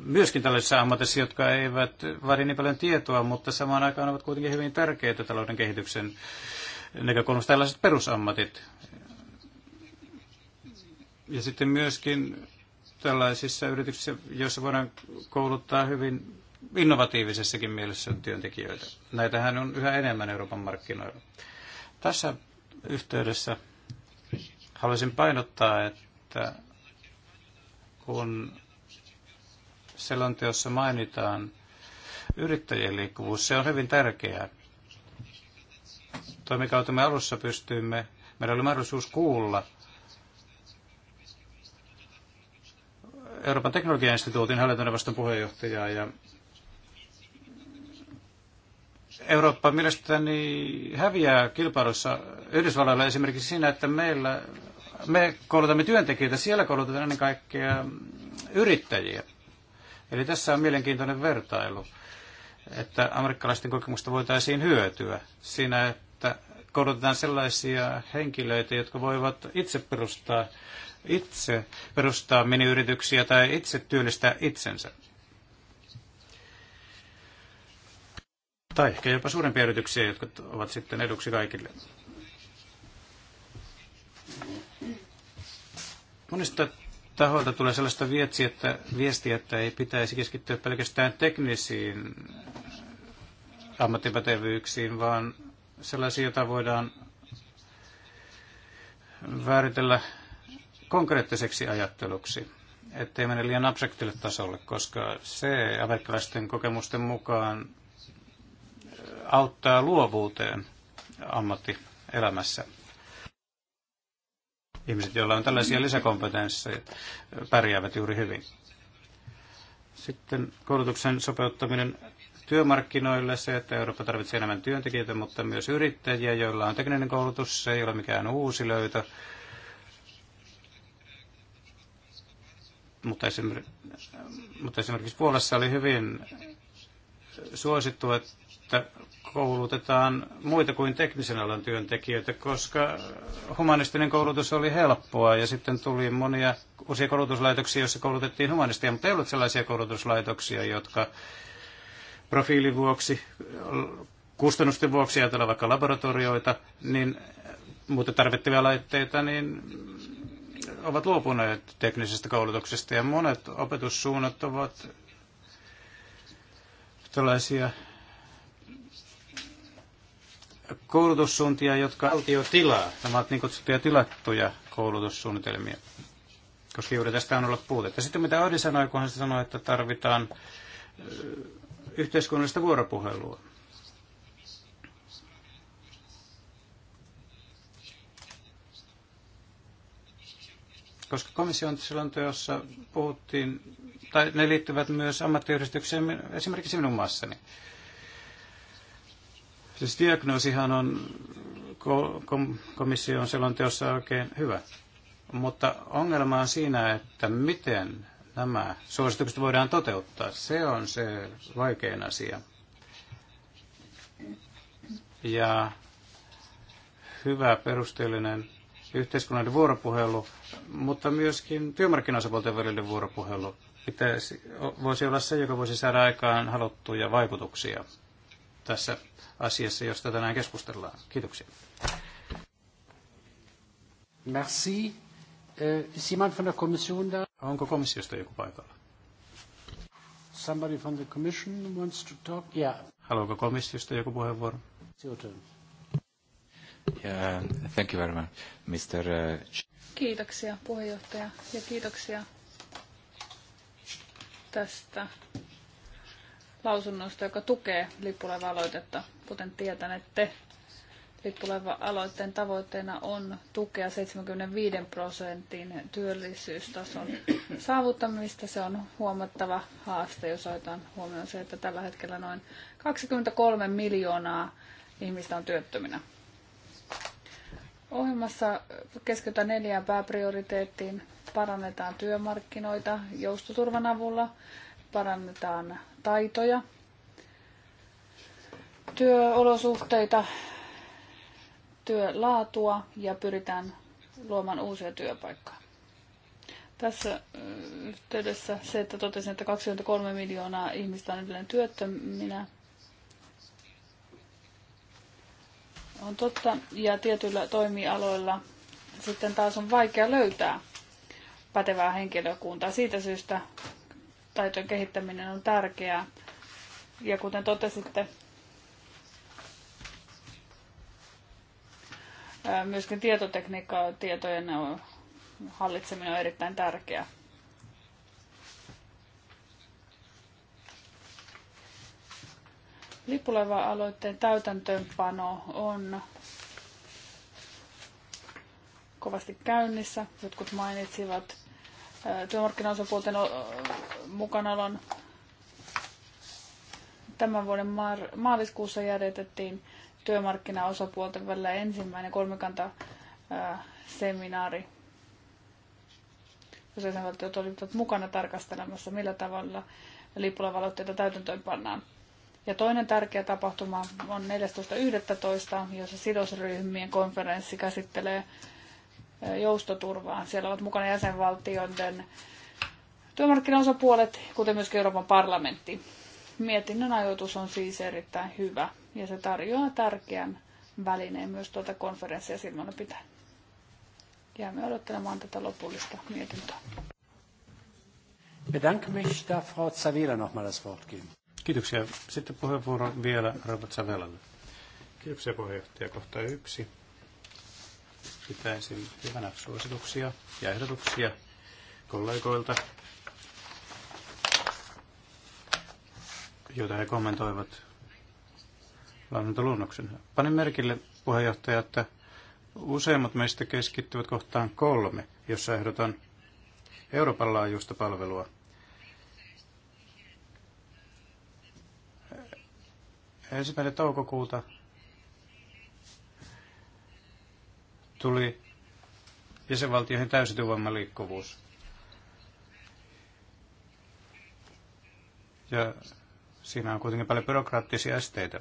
myöskin tällaisissa ammatissa, jotka eivät vaadi niin paljon tietoa, mutta samaan aikaan ovat kuitenkin hyvin tärkeitä talouden kehityksen näkökulmasta tällaiset perusammatit. Ja sitten myöskin tällaisissa yrityksissä, joissa voidaan kouluttaa hyvin innovatiivisessakin mielessä työntekijöitä. Näitähän on yhä enemmän Euroopan markkinoilla. Tässä yhteydessä haluaisin painottaa, että kun selonteossa mainitaan yrittäjien liikkuvuus, se on hyvin tärkeää. Toimikautemme alussa pystyimme, meillä oli mahdollisuus kuulla – Euroopan teknologiainstituutin hallintoneuvoston puheenjohtajaa ja Eurooppa mielestäni häviää kilpailussa Yhdysvalloilla esimerkiksi siinä, että meillä, me koulutamme työntekijöitä, siellä koulutetaan ennen kaikkea yrittäjiä. Eli tässä on mielenkiintoinen vertailu, että amerikkalaisten kokemusta voitaisiin hyötyä siinä, koulutetaan sellaisia henkilöitä, jotka voivat itse perustaa, itse perustaa miniyrityksiä tai itse työllistää itsensä. Tai ehkä jopa suurempia yrityksiä, jotka ovat sitten eduksi kaikille. Monista taholta tulee sellaista viestiä, että, viestiä, että ei pitäisi keskittyä pelkästään teknisiin ammattipätevyyksiin, vaan sellaisia, joita voidaan vääritellä konkreettiseksi ajatteluksi, ettei mene liian abstraktille tasolle, koska se amerikkalaisten kokemusten mukaan auttaa luovuuteen ammattielämässä. Ihmiset, joilla on tällaisia lisäkompetensseja, pärjäävät juuri hyvin. Sitten koulutuksen sopeuttaminen työmarkkinoille, se, että Eurooppa tarvitsee enemmän työntekijöitä, mutta myös yrittäjiä, joilla on tekninen koulutus, se ei ole mikään uusi löytö. Mutta, esimer- mutta esimerkiksi Puolassa oli hyvin suosittu, että koulutetaan muita kuin teknisen alan työntekijöitä, koska humanistinen koulutus oli helppoa ja sitten tuli monia uusia koulutuslaitoksia, joissa koulutettiin humanistia, mutta ei ollut sellaisia koulutuslaitoksia, jotka profiilin vuoksi, kustannusten vuoksi, ajatellaan vaikka laboratorioita, niin muuten tarvittavia laitteita, niin ovat luopuneet teknisestä koulutuksesta ja monet opetussuunnat ovat tällaisia koulutussuuntia, jotka valtio tilaa. Nämä ovat niin kutsuttuja tilattuja koulutussuunnitelmia, koska juuri tästä on ollut puutetta. Sitten mitä Odi sanoi, kun hän sanoi, että tarvitaan yhteiskunnallista vuoropuhelua. Koska komission selonteossa puhuttiin, tai ne liittyvät myös ammattiyhdistykseen esimerkiksi minun maassani. Siis diagnoosihan on komission selonteossa oikein hyvä. Mutta ongelma on siinä, että miten nämä suositukset voidaan toteuttaa. Se on se vaikein asia. Ja hyvä perusteellinen yhteiskunnallinen vuoropuhelu, mutta myöskin työmarkkinaosapuolten välinen vuoropuhelu pitäisi, voisi olla se, joka voisi saada aikaan haluttuja vaikutuksia tässä asiassa, josta tänään keskustellaan. Kiitoksia. Merci. Euh, Simon von der Kommission da. Onko komissiosta joku paikalla? Somebody from the commission wants to talk? Yeah. Haluaako komissiosta joku puheenvuoro? Yeah, thank you very much, Mr. Uh, kiitoksia puheenjohtaja ja kiitoksia tästä lausunnosta, joka tukee lippulevaloitetta, Kuten tietänette, nyt tuleva aloitteen tavoitteena on tukea 75 prosentin työllisyystason saavuttamista. Se on huomattava haaste, jos otetaan huomioon se, että tällä hetkellä noin 23 miljoonaa ihmistä on työttöminä. Ohjelmassa keskitytään neljään pääprioriteettiin. Parannetaan työmarkkinoita joustoturvan avulla, parannetaan taitoja, työolosuhteita, työlaatua ja pyritään luomaan uusia työpaikkoja. Tässä äh, yhteydessä se, että totesin, että 23 miljoonaa ihmistä on edelleen työttöminä, on totta. Ja tietyillä toimialoilla sitten taas on vaikea löytää pätevää henkilökuntaa. Siitä syystä taitojen kehittäminen on tärkeää. Ja kuten totesitte, myöskin tietotekniikkatietojen hallitseminen on erittäin tärkeää. Lipuleva-aloitteen täytäntöönpano on kovasti käynnissä. Jotkut mainitsivat työmarkkinaosapuolten mukanaolon. Tämän vuoden maaliskuussa järjestettiin työmarkkinaosapuolten välillä ensimmäinen kolmikanta seminaari, jos jäsenvaltiot olivat mukana tarkastelemassa, millä tavalla lippulavaaloitteita täytäntöön pannaan. Ja toinen tärkeä tapahtuma on 14.11., jossa sidosryhmien konferenssi käsittelee joustoturvaa. Siellä ovat mukana jäsenvaltioiden työmarkkinaosapuolet, kuten myös Euroopan parlamentti. Mietinnön ajoitus on siis erittäin hyvä ja se tarjoaa tärkeän välineen myös tuota konferenssia silmällä pitää. Jäämme odottelemaan tätä lopullista mietintöä. Bedanke mich, darf Frau Zavila nochmal das Wort geben. Kiitoksia. Sitten puheenvuoro vielä Robert Savelalle. Kiitoksia puheenjohtaja. Kohta yksi. Pitäisin hyvänä suosituksia ja ehdotuksia kollegoilta joita he kommentoivat lausuntoluonnoksen. Panin merkille, puheenjohtaja, että useimmat meistä keskittyvät kohtaan kolme, jossa ehdotan Euroopan laajuista palvelua. Ensimmäinen toukokuuta tuli jäsenvaltioihin täysityvoiman liikkuvuus. Ja Siinä on kuitenkin paljon byrokraattisia esteitä.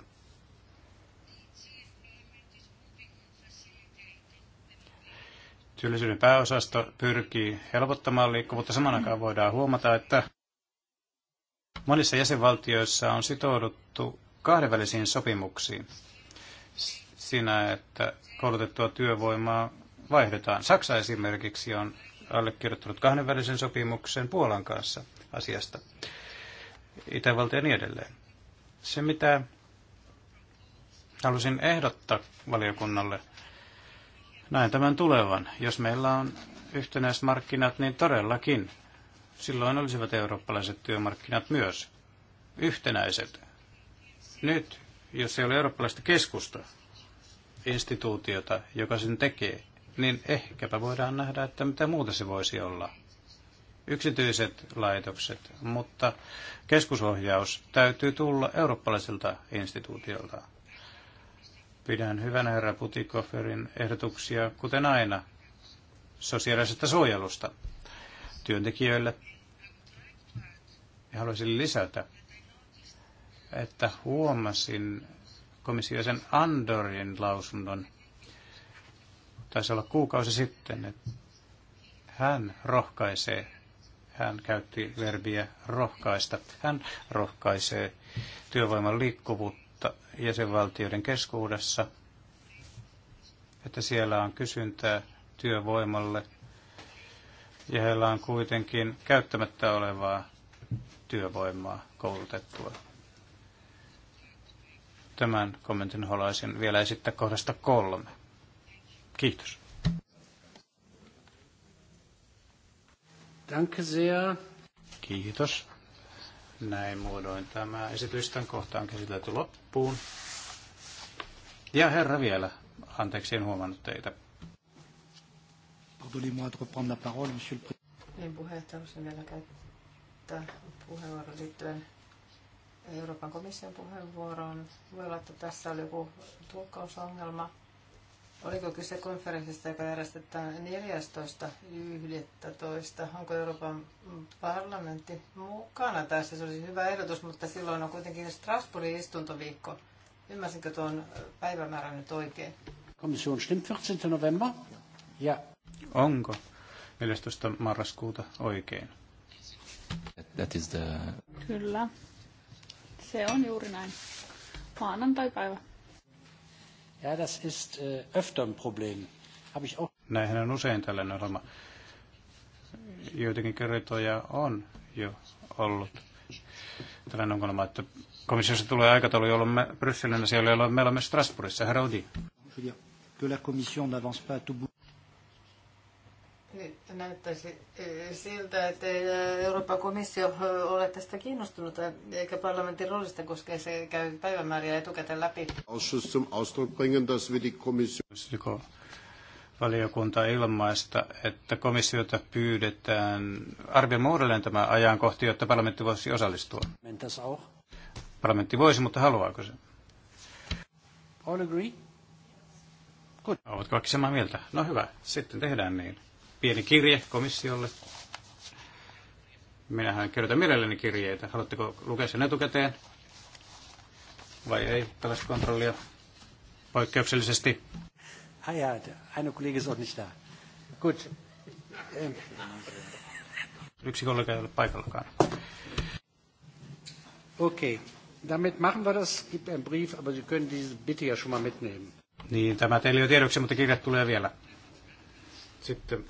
Työllisyyden pääosasto pyrkii helpottamaan liikkuvuutta. Saman aikaan voidaan huomata, että monissa jäsenvaltioissa on sitouduttu kahdenvälisiin sopimuksiin siinä, että koulutettua työvoimaa vaihdetaan. Saksa esimerkiksi on allekirjoittanut kahdenvälisen sopimuksen Puolan kanssa asiasta. Itävalta ja niin edelleen. Se, mitä halusin ehdottaa valiokunnalle, näin tämän tulevan. Jos meillä on markkinat, niin todellakin silloin olisivat eurooppalaiset työmarkkinat myös yhtenäiset. Nyt, jos ei ole eurooppalaista keskusta, instituutiota, joka sen tekee, niin ehkäpä voidaan nähdä, että mitä muuta se voisi olla – yksityiset laitokset, mutta keskusohjaus täytyy tulla eurooppalaiselta instituutiolta. Pidän hyvänä herra Putikoferin ehdotuksia, kuten aina, sosiaalisesta suojelusta työntekijöille. Ja haluaisin lisätä, että huomasin komissiosen Andorin lausunnon, taisi olla kuukausi sitten, että hän rohkaisee hän käytti verbiä rohkaista. Hän rohkaisee työvoiman liikkuvuutta jäsenvaltioiden keskuudessa, että siellä on kysyntää työvoimalle ja heillä on kuitenkin käyttämättä olevaa työvoimaa koulutettua. Tämän kommentin haluaisin vielä esittää kohdasta kolme. Kiitos. Danke sehr. Kiitos. Näin muodoin tämä esityslistan kohta on käsitelty loppuun. Ja herra vielä, anteeksi en huomannut teitä. Pardonnez-moi de reprendre la parole, monsieur le président. Niin puheenjohtaja halusin vielä käyttää puheenvuoron liittyen Euroopan komission puheenvuoroon. Voi olla, että tässä oli joku tulkkausongelma. Oliko kyse konferenssista, joka järjestetään 14.11. Onko Euroopan parlamentti mukana tässä? Se olisi hyvä ehdotus, mutta silloin on kuitenkin Strasbourgin istuntoviikko. Ymmärsinkö tuon päivämäärän nyt oikein? Komission stimmt 14. november. Ja. Onko 14. marraskuuta oikein? That is the... Kyllä. Se on juuri näin. Maanantai-päivä. Ja, das ist äh, öfter ein Problem. Habe ich auch... Näinhän on usein tällainen ongelma. Joitakin kertoja on jo ollut tällainen ongelma, että komissiossa tulee aikataulu, jolloin me Brysselin asioilla, jolloin meillä on myös Strasbourgissa. Herra Odi. Kyllä komission n'avance pas tout bout. Nyt niin, näyttäisi eh, siltä, että eh, Euroopan komissio eh, ole tästä kiinnostunut, eikä parlamentin roolista, koska se käy päivämääriä etukäteen läpi. Voisiko valiokunta ilmaista, että komissiota pyydetään arvioimaan uudelleen tämä ajankohti, jotta parlamentti voisi osallistua? Parlamentti voisi, mutta haluaako se? All agree? Good. Ovatko kaikki samaa mieltä. No hyvä, sitten tehdään niin pieni kirje komissiolle. Minähän kirjoitan mielelläni kirjeitä. Haluatteko lukea sen etukäteen? Vai ei tällaista kontrollia poikkeuksellisesti? Ah ja, aina Kollege ist nicht da. Gut. Ähm. Yksi kollega ei ole paikallakaan. Okei. Okay. Damit machen wir das. Gibt ein Brief, aber Sie können diese Bitte ja schon mal mitnehmen. Niin, tämä teille jo tiedoksi, mutta kirjat tulee vielä. Sitten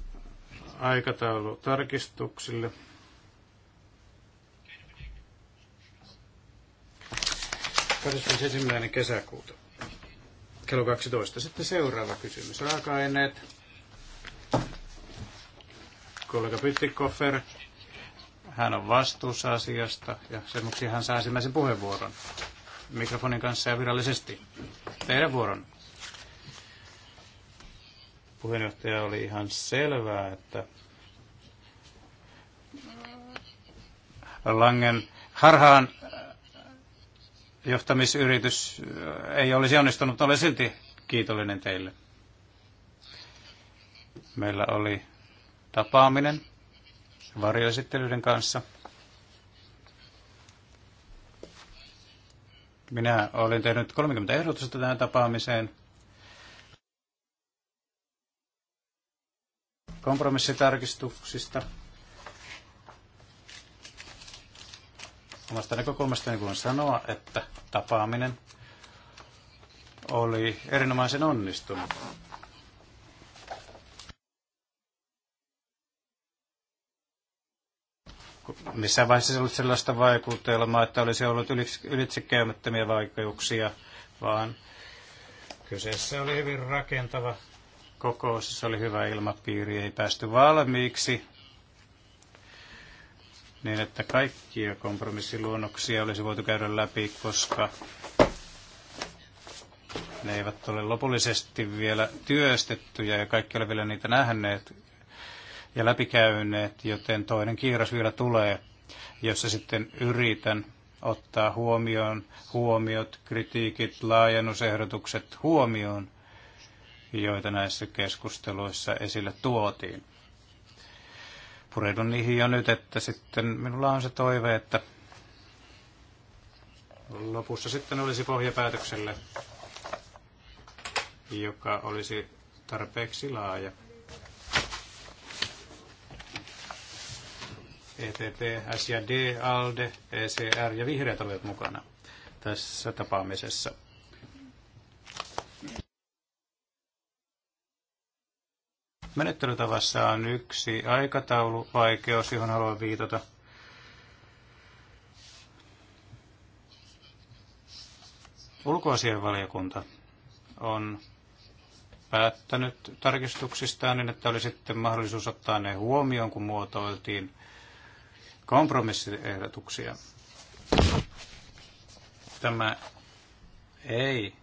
aikataulu tarkistuksille. ensimmäinen kesäkuuta kello 12. Sitten seuraava kysymys. Raaka-aineet. Kollega Pyttikoffer, hän on vastuussa asiasta ja sen vuoksi hän saa ensimmäisen puheenvuoron mikrofonin kanssa ja virallisesti. Teidän vuoronne puheenjohtaja oli ihan selvää, että Langen harhaan äh, johtamisyritys äh, ei olisi onnistunut, olen silti kiitollinen teille. Meillä oli tapaaminen varjoesittelyiden kanssa. Minä olin tehnyt 30 ehdotusta tähän tapaamiseen. kompromissitarkistuksista. Omasta niin voin sanoa, että tapaaminen oli erinomaisen onnistunut. missä vaiheessa se ollut sellaista vaikutelmaa, että olisi ollut ylitsekäymättömiä vaikeuksia, vaan kyseessä oli hyvin rakentava kokous, se oli hyvä ilmapiiri, ei päästy valmiiksi niin, että kaikkia kompromissiluonnoksia olisi voitu käydä läpi, koska ne eivät ole lopullisesti vielä työstettyjä ja kaikki ole vielä niitä nähneet ja läpikäyneet, joten toinen kiiras vielä tulee, jossa sitten yritän ottaa huomioon huomiot, kritiikit, laajennusehdotukset huomioon joita näissä keskusteluissa esille tuotiin. Pureudun niihin jo nyt, että sitten minulla on se toive, että lopussa sitten olisi pohjapäätökselle, joka olisi tarpeeksi laaja. ETT, S ja D, ALDE, ECR ja vihreät olivat mukana tässä tapaamisessa. Menettelytavassa on yksi aikatauluvaikeus, johon haluan viitata. Ulkoasianvaliokunta on päättänyt tarkistuksistaan niin, että oli sitten mahdollisuus ottaa ne huomioon, kun muotoiltiin kompromissiehdotuksia. Tämä ei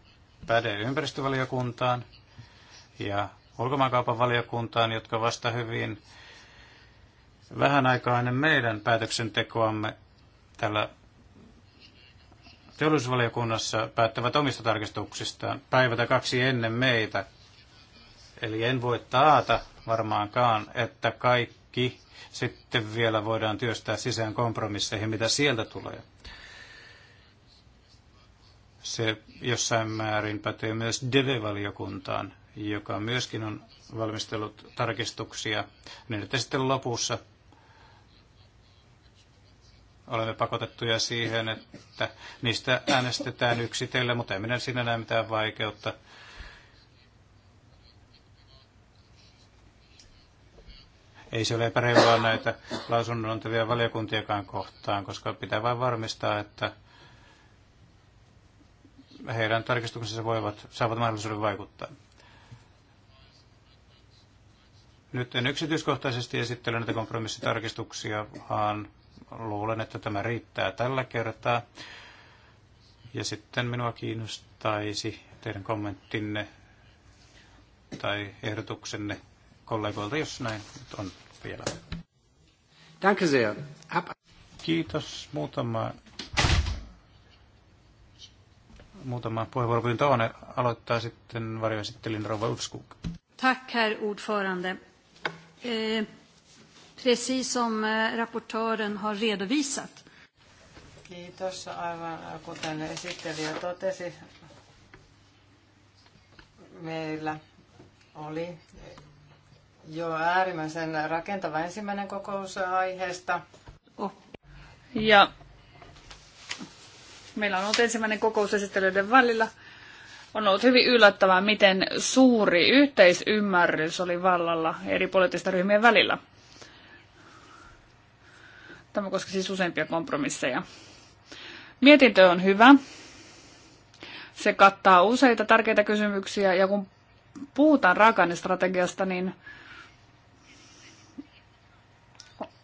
päde ympäristövaliokuntaan ja ulkomaankaupan valiokuntaan, jotka vasta hyvin vähän aikaa ennen meidän päätöksentekoamme tällä teollisuusvaliokunnassa päättävät omista tarkistuksistaan päivätä kaksi ennen meitä. Eli en voi taata varmaankaan, että kaikki sitten vielä voidaan työstää sisään kompromisseihin, mitä sieltä tulee. Se jossain määrin pätee myös DEVE-valiokuntaan, joka myöskin on valmistellut tarkistuksia, niin että sitten lopussa olemme pakotettuja siihen, että niistä äänestetään yksitellen, mutta en minä siinä näe mitään vaikeutta. Ei se ole epäreilua näitä lausunnonantavia valiokuntiakaan kohtaan, koska pitää vain varmistaa, että heidän tarkistuksensa voivat, saavat mahdollisuuden vaikuttaa. Nyt en yksityiskohtaisesti esittele näitä kompromissitarkistuksia, vaan luulen, että tämä riittää tällä kertaa. Ja sitten minua kiinnostaisi teidän kommenttinne tai ehdotuksenne kollegoilta, jos näin nyt on vielä. Danke sehr. Kiitos. Muutama, muutama puheenvuoropyyntö on. Aloittaa sitten varjoesittelin Rova Ulfskog. Tack, herr ordförande. Eh, precis som eh, rapportören har redovisat. Kiitos, aivan kuten esittelijä totesi. Meillä oli jo äärimmäisen rakentava ensimmäinen kokous aiheesta. Oh. Ja meillä on ollut ensimmäinen kokous esittelyiden välillä. On ollut hyvin yllättävää, miten suuri yhteisymmärrys oli vallalla eri poliittisten ryhmien välillä. Tämä koski siis useampia kompromisseja. Mietintö on hyvä. Se kattaa useita tärkeitä kysymyksiä ja kun puhutaan raaka-ainestrategiasta, niin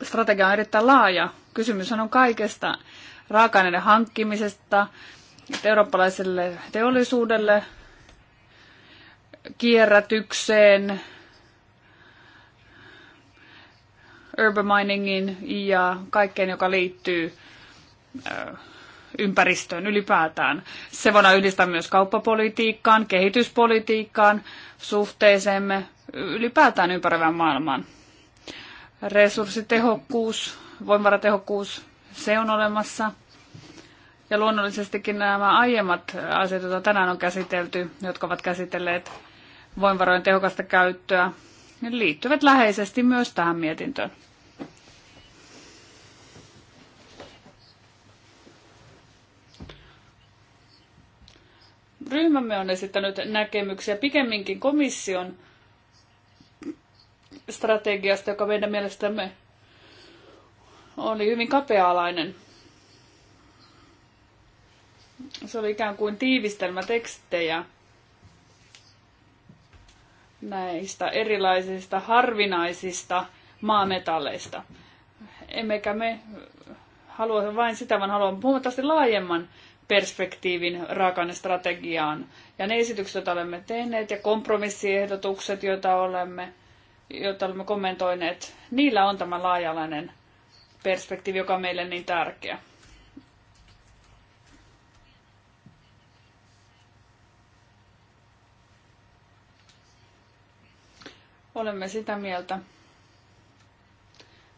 strategia on erittäin laaja. Kysymys on kaikesta raaka-aineiden hankkimisesta, että eurooppalaiselle teollisuudelle, kierrätykseen, urban miningin ja kaikkeen, joka liittyy ympäristöön ylipäätään. Se voidaan yhdistää myös kauppapolitiikkaan, kehityspolitiikkaan, suhteeseemme ylipäätään ympäröivän maailmaan. Resurssitehokkuus, voimavaratehokkuus, se on olemassa – ja luonnollisestikin nämä aiemmat asiat, joita tänään on käsitelty, jotka ovat käsitelleet voimavarojen tehokasta käyttöä, liittyvät läheisesti myös tähän mietintöön. Ryhmämme on esittänyt näkemyksiä pikemminkin komission strategiasta, joka meidän mielestämme oli hyvin kapea-alainen. Se oli ikään kuin tiivistelmä tekstejä näistä erilaisista harvinaisista maametalleista. Emmekä me halua vain sitä, vaan haluamme huomattavasti laajemman perspektiivin raaka-ainestrategiaan. Ja ne esitykset, joita olemme tehneet ja kompromissiehdotukset, joita olemme, joita olemme kommentoineet, niillä on tämä laajalainen perspektiivi, joka on meille niin tärkeä. olemme sitä mieltä,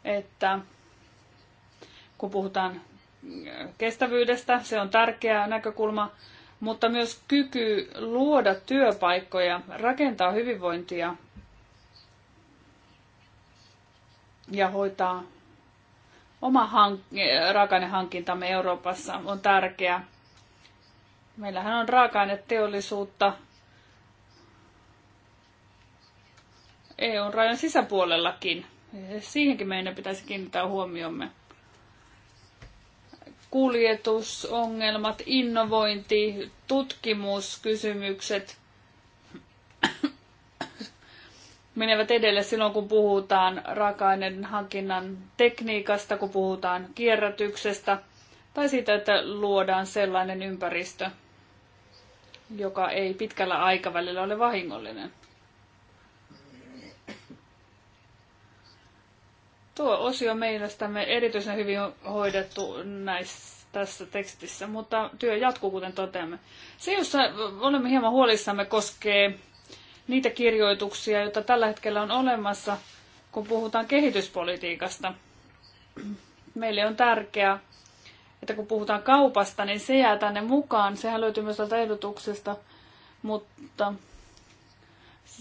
että kun puhutaan kestävyydestä, se on tärkeä näkökulma, mutta myös kyky luoda työpaikkoja, rakentaa hyvinvointia ja hoitaa oma hank- raaka-ainehankintamme Euroopassa on tärkeä. Meillähän on raaka-aineteollisuutta, EUn rajan sisäpuolellakin. Siihenkin meidän pitäisi kiinnittää huomiomme. Kuljetusongelmat, innovointi, tutkimuskysymykset *coughs* menevät edelle silloin, kun puhutaan raaka-aineiden hankinnan tekniikasta, kun puhutaan kierrätyksestä tai siitä, että luodaan sellainen ympäristö, joka ei pitkällä aikavälillä ole vahingollinen. tuo osio mielestämme erityisen hyvin hoidettu näissä tässä tekstissä, mutta työ jatkuu, kuten toteamme. Se, jossa olemme hieman huolissamme, koskee niitä kirjoituksia, joita tällä hetkellä on olemassa, kun puhutaan kehityspolitiikasta. Meille on tärkeää, että kun puhutaan kaupasta, niin se jää tänne mukaan. Sehän löytyy myös tältä ehdotuksesta, mutta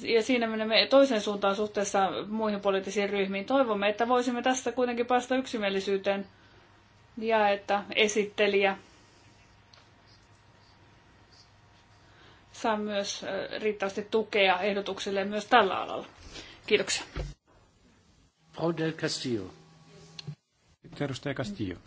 ja siinä menemme toiseen suuntaan suhteessa muihin poliittisiin ryhmiin. Toivomme, että voisimme tästä kuitenkin päästä yksimielisyyteen ja että esittelijä saa myös riittävästi tukea ehdotuksille myös tällä alalla. Kiitoksia. Frau del Castillo. Edustaja Castillo.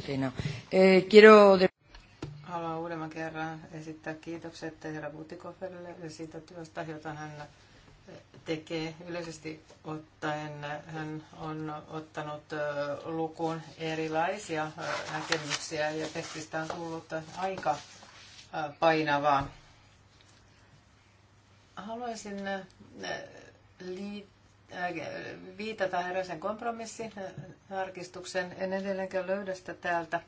Fino. Eh, quiero... Haluan uudemman kerran esittää kiitokset herra Butikoferille ja siitä työstä, jota hän eh, tekee. Yleisesti ottaen hän on ottanut eh, lukuun erilaisia eh, näkemyksiä ja tekstistä on tullut aika painavaa. Haluaisin liittää viitata Herösen tarkistuksen. En edelleenkään löydä sitä täältä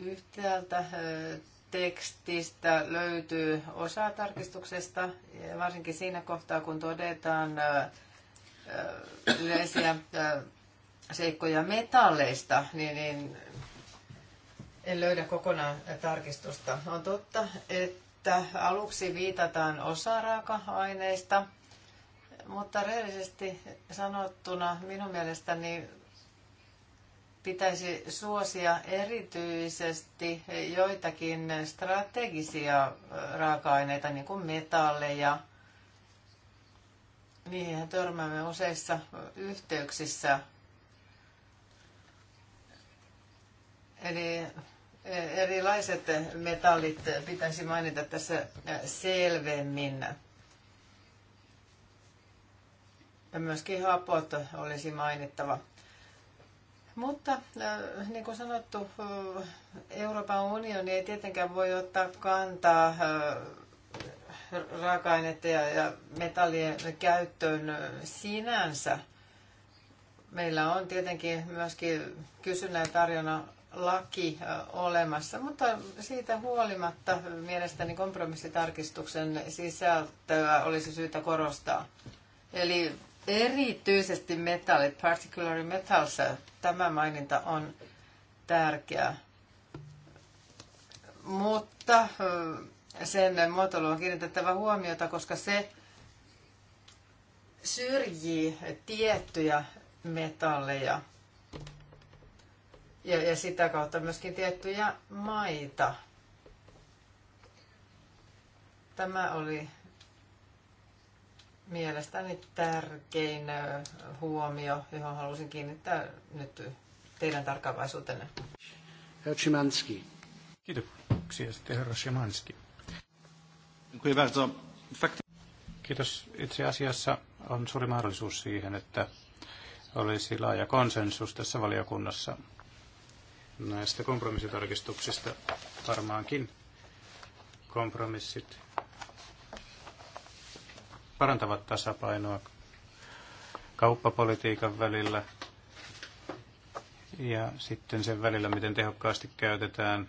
yhtäältä tekstistä löytyy osa tarkistuksesta, varsinkin siinä kohtaa, kun todetaan yleisiä seikkoja metalleista, niin, niin en löydä kokonaan tarkistusta. On totta, että että aluksi viitataan osa raaka-aineista, mutta rehellisesti sanottuna minun mielestäni pitäisi suosia erityisesti joitakin strategisia äh, raaka-aineita, niin kuin metalleja. Niihin törmäämme useissa äh, yhteyksissä. Eli erilaiset metallit pitäisi mainita tässä selvemmin. Ja myöskin hapot olisi mainittava. Mutta niin kuin sanottu, Euroopan unioni ei tietenkään voi ottaa kantaa raaka-aineiden ja metallien käyttöön sinänsä. Meillä on tietenkin myöskin kysynnän ja tarjonnan laki olemassa, mutta siitä huolimatta mielestäni kompromissitarkistuksen sisältöä olisi syytä korostaa. Eli erityisesti metallit, particular metals, tämä maininta on tärkeä. Mutta sen muotoilu on kiinnitettävä huomiota, koska se syrjii tiettyjä metalleja – ja, ja sitä kautta myöskin tiettyjä maita. Tämä oli mielestäni tärkein huomio, johon halusin kiinnittää nyt teidän tarkkaavaisuutenne. Herr Szymanski. Kiitoksia sitten herra Szymanski. Kiitos. Itse asiassa on suuri mahdollisuus siihen, että olisi laaja konsensus tässä valiokunnassa näistä kompromissitarkistuksista. Varmaankin kompromissit parantavat tasapainoa kauppapolitiikan välillä ja sitten sen välillä, miten tehokkaasti käytetään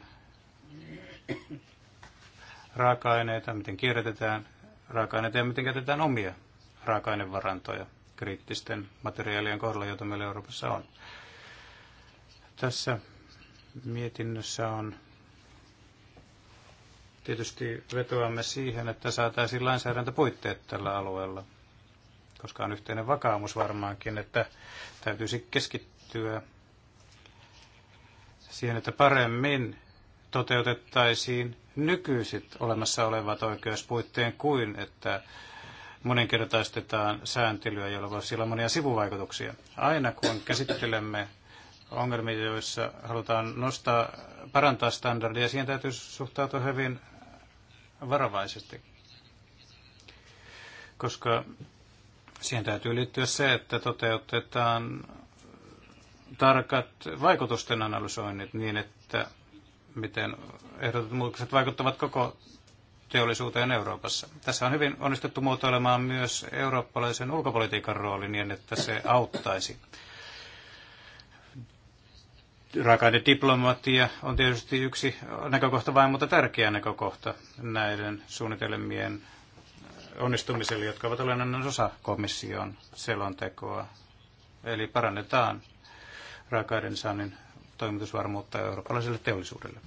raaka-aineita, miten kierrätetään raaka-aineita ja miten käytetään omia raaka-ainevarantoja kriittisten materiaalien kohdalla, joita meillä Euroopassa on. Tässä mietinnössä on tietysti vetoamme siihen, että saataisiin lainsäädäntöpuitteet tällä alueella, koska on yhteinen vakaumus varmaankin, että täytyisi keskittyä siihen, että paremmin toteutettaisiin nykyiset olemassa olevat oikeuspuitteen kuin, että moninkertaistetaan sääntelyä, jolla voisi olla monia sivuvaikutuksia. Aina kun käsittelemme ongelmia, joissa halutaan nostaa, parantaa standardia, siihen täytyy suhtautua hyvin varovaisesti, koska siihen täytyy liittyä se, että toteutetaan tarkat vaikutusten analysoinnit niin, että miten ehdotetut muutokset vaikuttavat koko teollisuuteen Euroopassa. Tässä on hyvin onnistuttu muotoilemaan myös eurooppalaisen ulkopolitiikan rooli niin, että se auttaisi raaka diplomatia on tietysti yksi näkökohta vain, mutta tärkeä näkökohta näiden suunnitelmien onnistumiselle, jotka ovat olennainen osa komission selontekoa. Eli parannetaan raakaiden saannin toimitusvarmuutta eurooppalaiselle teollisuudelle.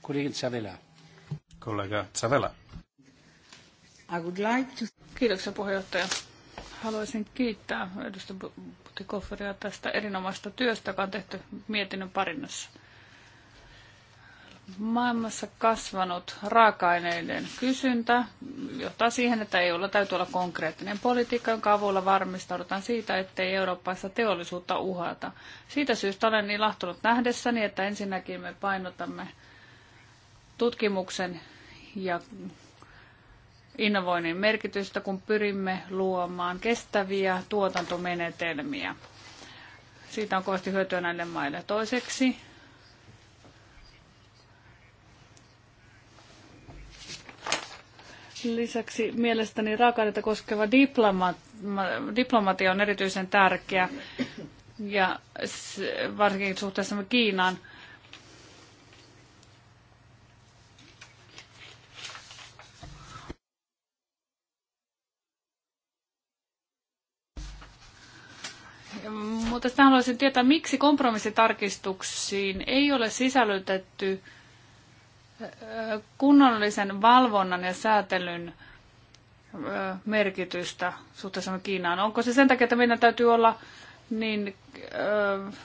Kollega Zavela. Kollega I would like to... Kiitoksia puheenjohtaja Haluaisin kiittää edustaja Butikofferia tästä erinomaista työstä, joka on tehty mietinnön parinnassa. Maailmassa kasvanut raaka-aineiden kysyntä johtaa siihen, että EUlla täytyy olla konkreettinen politiikka, jonka avulla varmistaudutaan siitä, ettei Euroopassa teollisuutta uhata. Siitä syystä olen ilahtunut niin nähdessäni, että ensinnäkin me painotamme tutkimuksen ja innovoinnin merkitystä, kun pyrimme luomaan kestäviä tuotantomenetelmiä. Siitä on kovasti hyötyä näille maille. Toiseksi Lisäksi mielestäni raaka koskeva diploma, diplomatia on erityisen tärkeä, ja varsinkin suhteessa Kiinaan. oikeastaan haluaisin tietää, miksi kompromissitarkistuksiin ei ole sisällytetty kunnollisen valvonnan ja säätelyn merkitystä suhteessa Kiinaan. Onko se sen takia, että meidän täytyy olla niin, äh,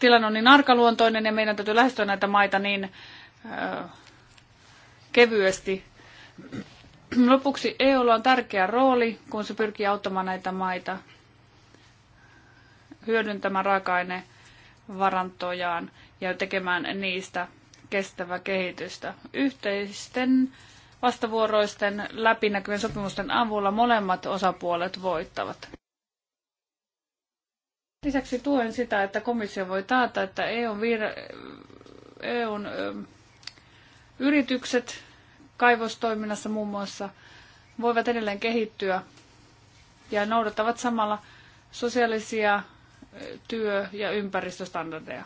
tilanne on niin arkaluontoinen ja meidän täytyy lähestyä näitä maita niin äh, kevyesti. Lopuksi EUlla on tärkeä rooli, kun se pyrkii auttamaan näitä maita hyödyntämään raaka-ainevarantojaan ja tekemään niistä kestävää kehitystä. Yhteisten vastavuoroisten läpinäkyvien sopimusten avulla molemmat osapuolet voittavat. Lisäksi tuen sitä, että komissio voi taata, että EUn, vir- EUn ö, yritykset kaivostoiminnassa muun muassa voivat edelleen kehittyä ja noudattavat samalla sosiaalisia työ- ja ympäristöstandardeja.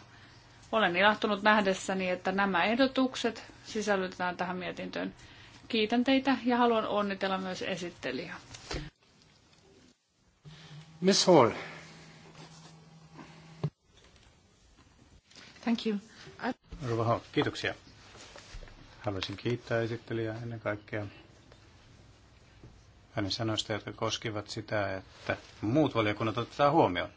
Olen ilahtunut nähdessäni, että nämä ehdotukset sisällytetään tähän mietintöön. Kiitän teitä ja haluan onnitella myös esittelijää. Miss Hall. Thank you. Rova Hall, kiitoksia. Haluaisin kiittää esittelijää ennen kaikkea hänen sanoista, jotka koskivat sitä, että muut valiokunnat otetaan huomioon.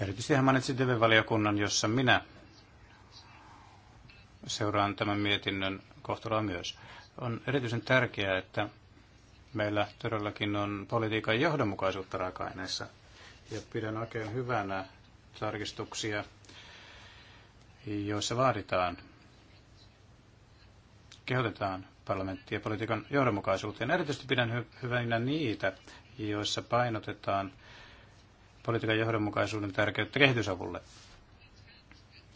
Erityisesti hän mainitsi tv valiokunnan jossa minä seuraan tämän mietinnön kohtaloa myös. On erityisen tärkeää, että meillä todellakin on politiikan johdonmukaisuutta raaka-aineissa. Ja pidän oikein hyvänä tarkistuksia, joissa vaaditaan, kehotetaan parlamenttia politiikan johdonmukaisuuteen. Erityisesti pidän hy- hyvänä niitä, joissa painotetaan – politiikan johdonmukaisuuden tärkeyttä kehitysavulle.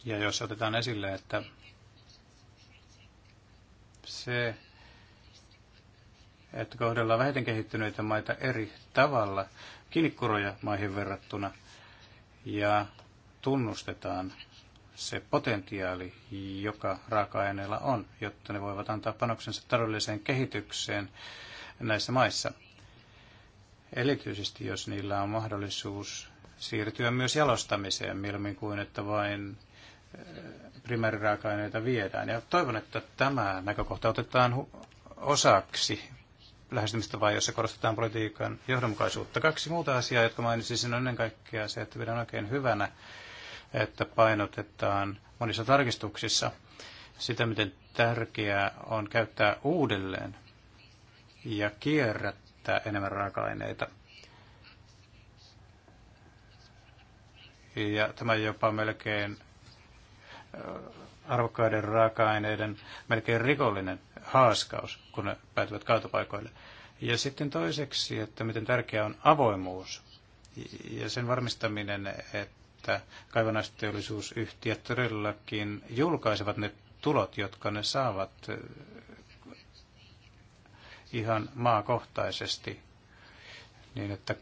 Ja jos otetaan esille, että se, että kohdellaan vähiten kehittyneitä maita eri tavalla kinikkuroja maihin verrattuna ja tunnustetaan se potentiaali, joka raaka aineella on, jotta ne voivat antaa panoksensa taloudelliseen kehitykseen näissä maissa. Erityisesti jos niillä on mahdollisuus siirtyä myös jalostamiseen mieluummin kuin että vain eh, primääriraaka-aineita viedään. Ja toivon, että tämä näkökohta otetaan osaksi lähestymistapaa, jossa korostetaan politiikan johdonmukaisuutta. Kaksi muuta asiaa, jotka mainitsisin, on ennen kaikkea se, että pidän oikein hyvänä, että painotetaan monissa tarkistuksissa sitä, miten tärkeää on käyttää uudelleen ja kierrät, käyttää enemmän raaka-aineita. Ja tämä jopa melkein äh, arvokkaiden raaka-aineiden melkein rikollinen haaskaus, kun ne päätyvät kaatopaikoille. Ja sitten toiseksi, että miten tärkeää on avoimuus ja sen varmistaminen, että kaivannaisteollisuusyhtiöt todellakin julkaisevat ne tulot, jotka ne saavat ihan maakohtaisesti niin, että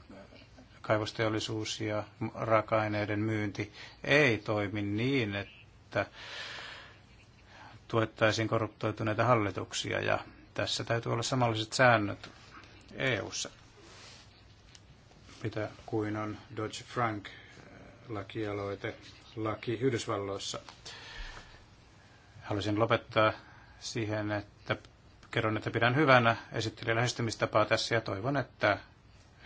kaivosteollisuus ja raaka-aineiden myynti ei toimi niin, että tuettaisiin korruptoituneita hallituksia ja tässä täytyy olla samanlaiset säännöt EU-ssa mitä kuin on Dodge Frank lakialoite laki Yhdysvalloissa. Haluaisin lopettaa siihen, että kerron, että pidän hyvänä esittelijän lähestymistapaa tässä ja toivon, että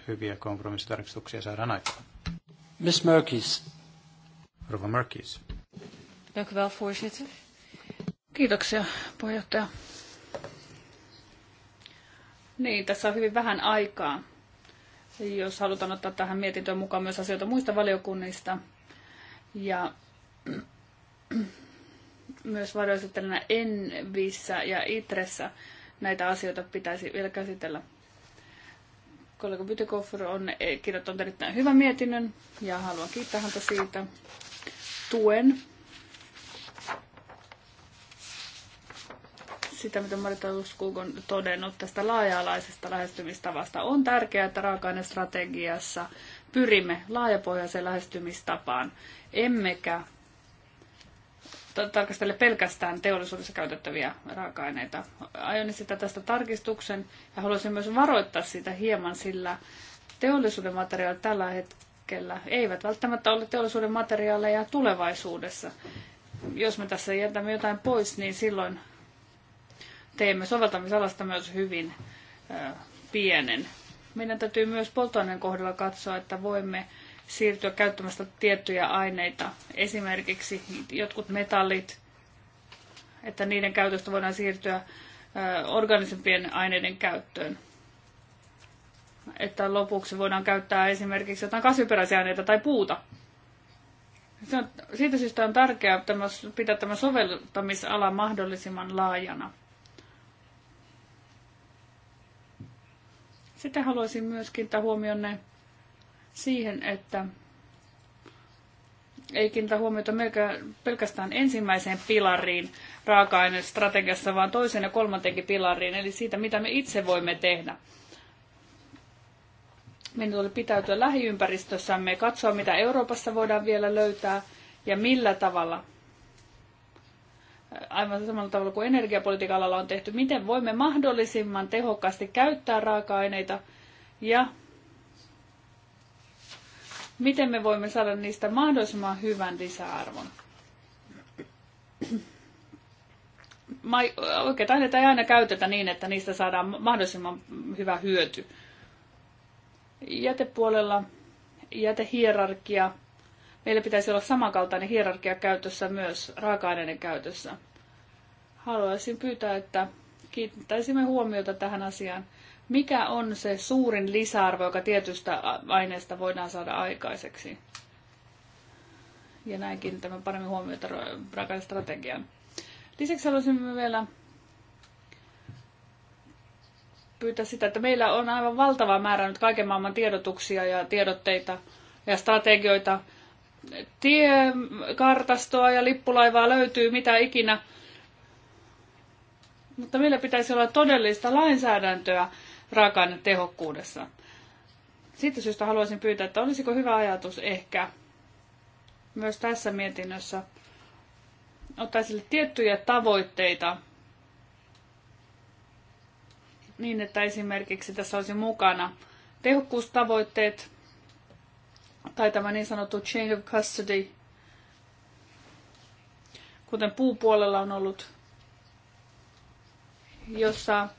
hyviä kompromissitarkistuksia saadaan aikaan. Miss Merkis. Rova Merkis. Dank wel, voorzitter. Kiitoksia, puheenjohtaja. Niin, tässä on hyvin vähän aikaa, jos halutaan ottaa tähän mietintöön mukaan myös asioita muista valiokunnista. Ja *clears throat* myös varjoesittelijänä Envissä ja Itressä näitä asioita pitäisi vielä käsitellä. Kollega Bytekoffer on kirjoittanut erittäin hyvän mietinnön ja haluan kiittää häntä siitä. Tuen sitä, mitä Marita Uskuk on todennut tästä laaja-alaisesta lähestymistavasta. On tärkeää, että raaka strategiassa pyrimme laajapohjaiseen lähestymistapaan, emmekä tarkastele pelkästään teollisuudessa käytettäviä raaka-aineita. Aion sitä tästä tarkistuksen ja haluaisin myös varoittaa sitä hieman, sillä teollisuuden materiaalit tällä hetkellä eivät välttämättä ole teollisuuden materiaaleja tulevaisuudessa. Jos me tässä jätämme jotain pois, niin silloin teemme soveltamisalasta myös hyvin pienen. Meidän täytyy myös polttoaineen kohdalla katsoa, että voimme siirtyä käyttämästä tiettyjä aineita, esimerkiksi jotkut metallit, että niiden käytöstä voidaan siirtyä organisempien aineiden käyttöön. Että lopuksi voidaan käyttää esimerkiksi jotain kasviperäisiä aineita tai puuta. Se on, siitä syystä on tärkeää tämä, pitää tämä soveltamisala mahdollisimman laajana. Sitten haluaisin myöskin kiinnittää huomionne siihen, että ei kiinnitä huomiota pelkästään ensimmäiseen pilariin raaka strategiassa, vaan toisen ja kolmantenkin pilariin, eli siitä, mitä me itse voimme tehdä. Meidän tulee pitäytyä lähiympäristössämme, katsoa, mitä Euroopassa voidaan vielä löytää ja millä tavalla. Aivan samalla tavalla kuin energiapolitiikalla on tehty, miten voimme mahdollisimman tehokkaasti käyttää raaka-aineita ja miten me voimme saada niistä mahdollisimman hyvän lisäarvon. Oikeita aineita ei aina käytetä niin, että niistä saadaan mahdollisimman hyvä hyöty. Jätepuolella jätehierarkia. Meillä pitäisi olla samankaltainen hierarkia käytössä myös raaka-aineiden käytössä. Haluaisin pyytää, että kiinnittäisimme huomiota tähän asiaan mikä on se suurin lisäarvo, joka tietystä aineesta voidaan saada aikaiseksi. Ja näinkin tämä paremmin huomiota rakan strategian. Lisäksi haluaisin vielä pyytää sitä, että meillä on aivan valtava määrä nyt kaiken maailman tiedotuksia ja tiedotteita ja strategioita. Tiekartastoa ja lippulaivaa löytyy mitä ikinä. Mutta meillä pitäisi olla todellista lainsäädäntöä, raaka tehokkuudessa. Siitä syystä haluaisin pyytää, että olisiko hyvä ajatus ehkä myös tässä mietinnössä ottaa sille tiettyjä tavoitteita niin, että esimerkiksi tässä olisi mukana tehokkuustavoitteet tai tämä niin sanottu chain of custody, kuten puupuolella on ollut, jossa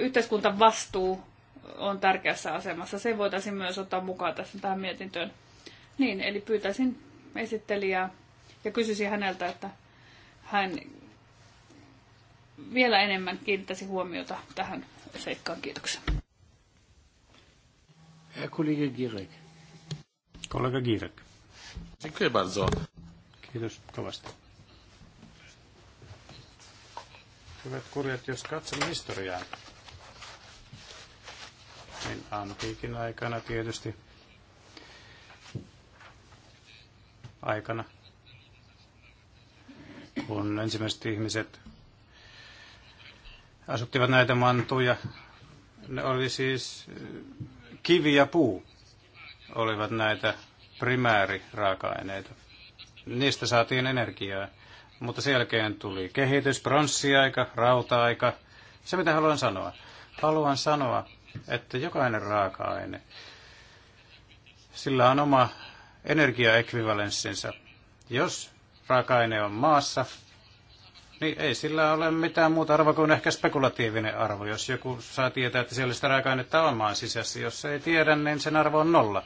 yhteiskunta vastuu on tärkeässä asemassa. Se voitaisiin myös ottaa mukaan tässä tähän mietintöön. Niin, eli pyytäisin esittelijää ja kysyisin häneltä, että hän vielä enemmän kiinnittäisi huomiota tähän seikkaan. Kiitoksia. Kollega Girek. Kollega Girek. Kiitos kovasti. Hyvät kurjat, jos katsomme historiaa, niin antiikin aikana tietysti aikana, kun ensimmäiset ihmiset asuttivat näitä mantuja, ne oli siis kivi ja puu olivat näitä primääriraaka-aineita. Niistä saatiin energiaa. Mutta sen jälkeen tuli kehitys, pronssiaika, rauta-aika. Se mitä haluan sanoa. Haluan sanoa, että jokainen raaka-aine, sillä on oma energiaekvivalenssinsa. Jos raaka-aine on maassa, niin ei sillä ole mitään muuta arvoa kuin ehkä spekulatiivinen arvo. Jos joku saa tietää, että siellä sitä raaka-ainetta on maan sisässä, jos ei tiedä, niin sen arvo on nolla.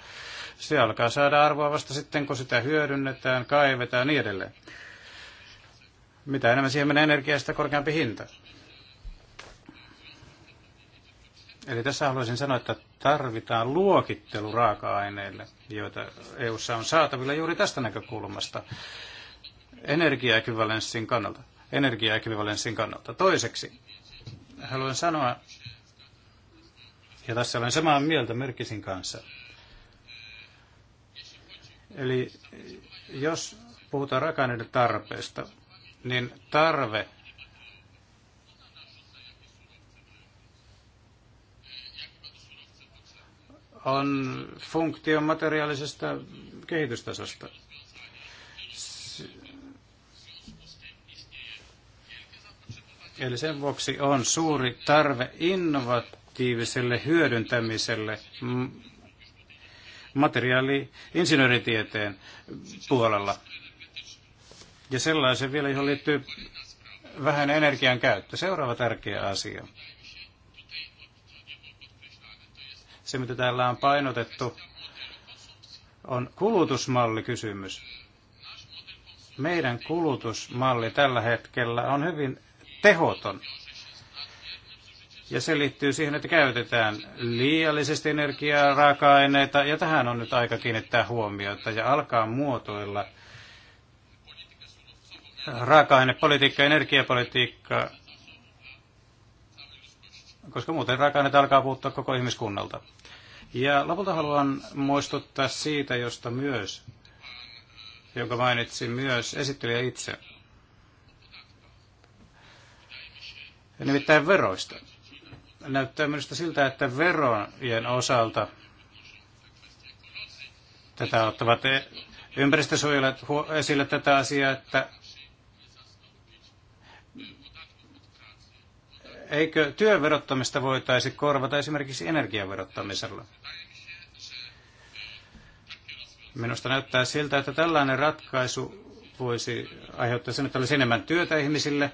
Se alkaa saada arvoa vasta sitten, kun sitä hyödynnetään, kaivetaan ja niin edelleen. Mitä enemmän siihen menee energiaa, sitä korkeampi hinta. Eli tässä haluaisin sanoa, että tarvitaan luokittelu raaka-aineille, joita eu on saatavilla juuri tästä näkökulmasta energiaekvivalenssin kannalta. Energiaekvivalenssin kannalta. Toiseksi haluan sanoa, ja tässä olen samaa mieltä Merkisin kanssa. Eli jos puhutaan raaka-aineiden tarpeesta, niin tarve on funktio materiaalisesta kehitystasosta. Eli sen vuoksi on suuri tarve innovatiiviselle hyödyntämiselle materiaali-insinööritieteen puolella. Ja sellaisen vielä, johon liittyy vähän energian käyttö. Seuraava tärkeä asia. Se, mitä täällä on painotettu, on kulutusmallikysymys. Meidän kulutusmalli tällä hetkellä on hyvin tehoton. Ja se liittyy siihen, että käytetään liiallisesti energiaa, raaka-aineita, ja tähän on nyt aika kiinnittää huomiota ja alkaa muotoilla – raaka-ainepolitiikka ja energiapolitiikka, koska muuten raaka-aineet alkaa puuttua koko ihmiskunnalta. Ja lopulta haluan muistuttaa siitä, josta myös, jonka mainitsin myös esittelijä itse. Nimittäin veroista. Näyttää minusta siltä, että verojen osalta tätä ottavat eh, ympäristösuojelijat esille tätä asiaa, että Eikö työverottamista voitaisi korvata esimerkiksi energiaverottamisella? Minusta näyttää siltä, että tällainen ratkaisu voisi aiheuttaa sen, että olisi enemmän työtä ihmisille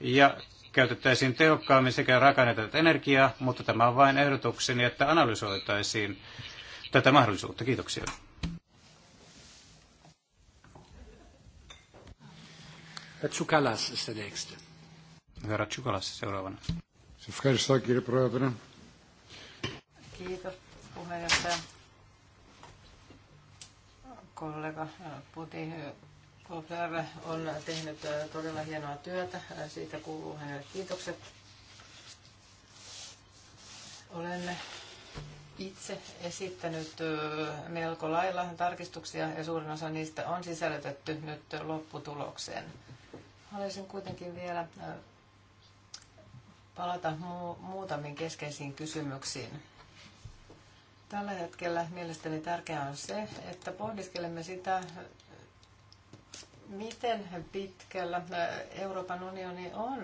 ja käytettäisiin tehokkaammin sekä rakennetta että energiaa, mutta tämä on vain ehdotukseni, että analysoitaisiin tätä mahdollisuutta. Kiitoksia. Herr Zukalas ist der Nächste. Herra Tsukalas seuraavana. Kiitos puheenjohtaja. Kollega Putin Kofler on tehnyt äh, todella hienoa työtä. Äh, siitä kuuluu hänelle kiitokset. Olen itse esittänyt äh, melko lailla tarkistuksia ja suurin osa niistä on sisällytetty nyt lopputulokseen. Haluaisin kuitenkin vielä palata mu- muutamiin keskeisiin kysymyksiin. Tällä hetkellä mielestäni tärkeää on se, että pohdiskelemme sitä, miten pitkällä Euroopan unioni on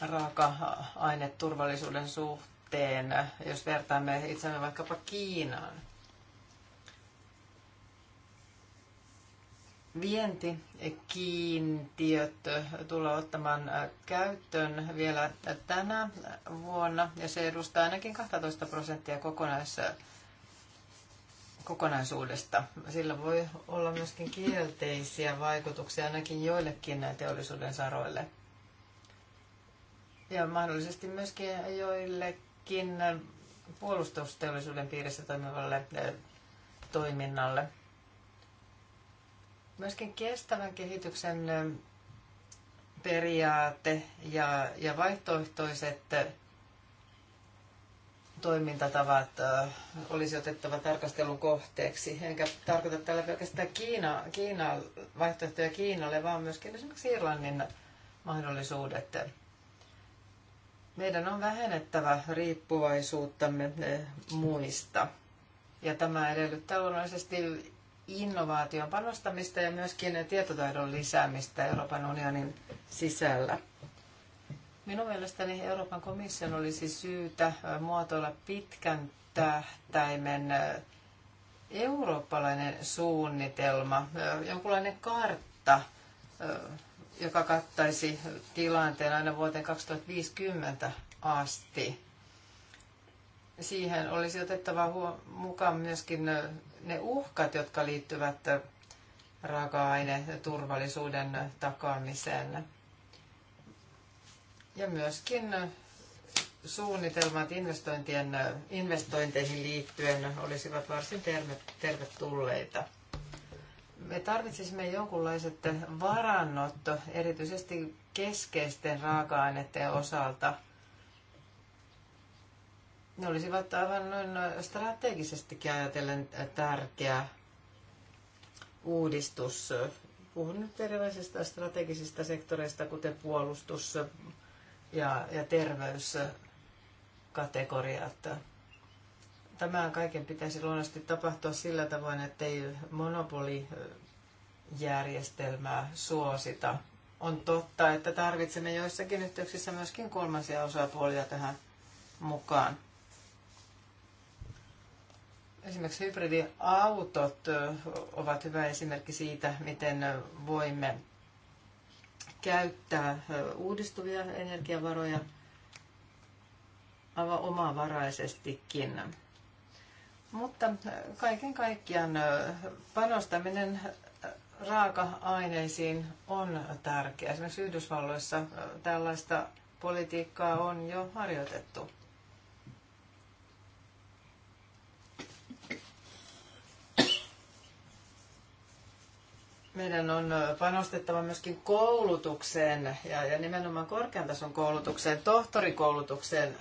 raaka-aineturvallisuuden suhteen, jos vertaamme itsemme vaikkapa Kiinaan. kiintiöt tulee ottamaan äh, käyttöön vielä tänä vuonna, ja se edustaa ainakin 12 prosenttia kokonais, kokonaisuudesta. Sillä voi olla myöskin kielteisiä vaikutuksia ainakin joillekin teollisuuden saroille. Ja mahdollisesti myöskin joillekin puolustusteollisuuden piirissä toimivalle äh, toiminnalle – Myöskin kestävän kehityksen periaate ja, ja vaihtoehtoiset toimintatavat olisi otettava tarkastelun kohteeksi. Enkä tarkoita tällä pelkästään Kiina, Kiina, vaihtoehtoja Kiinalle, vaan myöskin esimerkiksi Irlannin mahdollisuudet. Meidän on vähennettävä riippuvaisuuttamme muista. Ja tämä edellyttää luonnollisesti innovaation panostamista ja myöskin tietotaidon lisäämistä Euroopan unionin sisällä. Minun mielestäni Euroopan komission olisi syytä muotoilla pitkän tähtäimen eurooppalainen suunnitelma, jonkunlainen kartta, joka kattaisi tilanteen aina vuoteen 2050 asti. Siihen olisi otettava mukaan myöskin ne uhkat, jotka liittyvät raaka-aine turvallisuuden takaamiseen. Ja myöskin suunnitelmat investointien, investointeihin liittyen olisivat varsin tervetulleita. Me tarvitsisimme jonkunlaiset varannot erityisesti keskeisten raaka-aineiden osalta – ne olisivat aivan noin strategisestikin ajatellen tärkeä uudistus. Puhun nyt erilaisista strategisista sektoreista, kuten puolustus ja, ja terveyskategoriat. Tämä kaiken pitäisi luonnollisesti tapahtua sillä tavoin, että ei monopolijärjestelmää suosita. On totta, että tarvitsemme joissakin yhteyksissä myöskin kolmansia osapuolia tähän mukaan. Esimerkiksi hybridiautot ovat hyvä esimerkki siitä, miten voimme käyttää uudistuvia energiavaroja aivan omavaraisestikin. Mutta kaiken kaikkiaan panostaminen raaka-aineisiin on tärkeää. Esimerkiksi Yhdysvalloissa tällaista politiikkaa on jo harjoitettu. meidän on panostettava myöskin koulutukseen ja, ja nimenomaan korkean tason koulutukseen, tohtorikoulutukseen,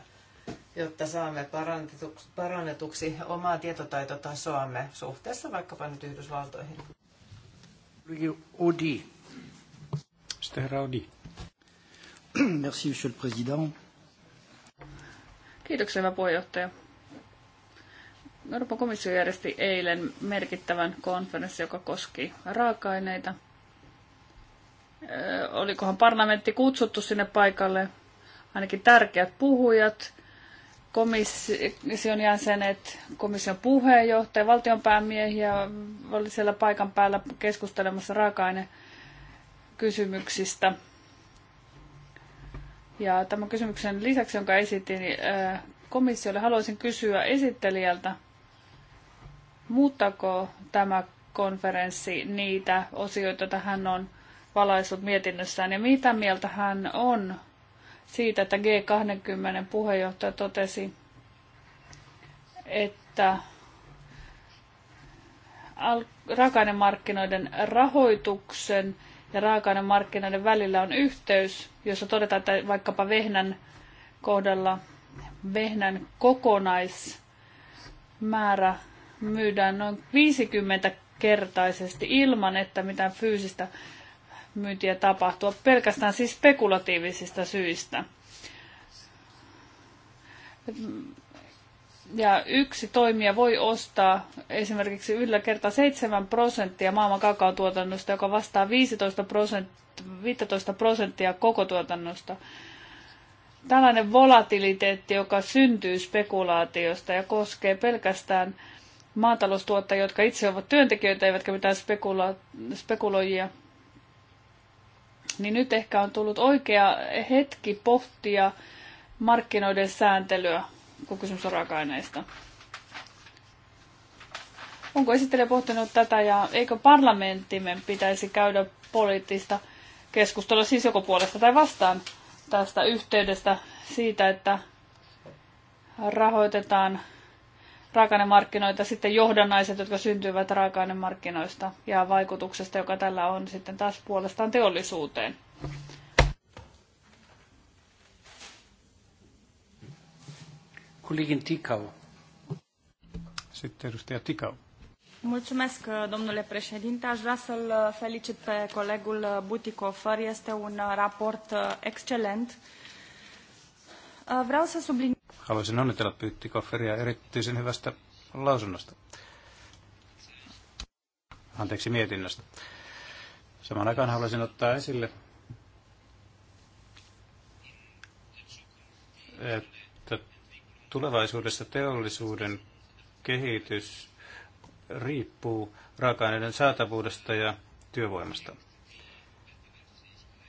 jotta saamme parannetuksi, parannetuksi omaa tietotaitotasoamme suhteessa vaikkapa nyt Yhdysvaltoihin. Audi. Audi. Merci, monsieur le président. Kiitoksia, puheenjohtaja. Euroopan komissio järjesti eilen merkittävän konferenssin, joka koski raaka-aineita. Olikohan parlamentti kutsuttu sinne paikalle, ainakin tärkeät puhujat, komission jäsenet, komission puheenjohtaja, valtionpäämiehiä oli siellä paikan päällä keskustelemassa raaka kysymyksistä. Ja tämän kysymyksen lisäksi, jonka esitin komissiolle, haluaisin kysyä esittelijältä – Muuttaako tämä konferenssi niitä osioita, joita hän on valaissut mietinnössään ja mitä mieltä hän on siitä, että G20 puheenjohtaja totesi, että raaka-ainemarkkinoiden rahoituksen ja raaka-ainemarkkinoiden välillä on yhteys, jossa todetaan, että vaikkapa vehnän kohdalla vehnän kokonaismäärä myydään noin 50-kertaisesti ilman, että mitään fyysistä myyntiä tapahtuu pelkästään siis spekulatiivisista syistä. Ja yksi toimija voi ostaa esimerkiksi yllä kertaa 7 prosenttia maailman kakaotuotannosta, joka vastaa 15 prosenttia, 15 prosenttia koko tuotannosta. Tällainen volatiliteetti, joka syntyy spekulaatiosta ja koskee pelkästään maataloustuottajia, jotka itse ovat työntekijöitä eivätkä mitään spekulo- spekuloijia, niin nyt ehkä on tullut oikea hetki pohtia markkinoiden sääntelyä, kun kysymys on raaka-aineista. Onko esittelijä pohtinut tätä ja eikö parlamenttimme pitäisi käydä poliittista keskustelua siis joko puolesta tai vastaan tästä yhteydestä siitä, että rahoitetaan raaka-ainemarkkinoita, sitten johdannaiset, jotka syntyvät raaka-ainemarkkinoista ja vaikutuksesta, joka tällä on sitten taas puolestaan teollisuuteen. Kollegin Tikau. Sitten edustaja Tikau. Mulțumesc, domnule președinte. Aș vrea să-l felicit pe colegul Buticofer. Este un raport excelent. Vreau să subliniez Haluaisin onnitella Pyyttikofferia erityisen hyvästä lausunnosta. Anteeksi, mietinnöstä. Saman aikaan haluaisin ottaa esille, että tulevaisuudessa teollisuuden kehitys riippuu raaka-aineiden saatavuudesta ja työvoimasta.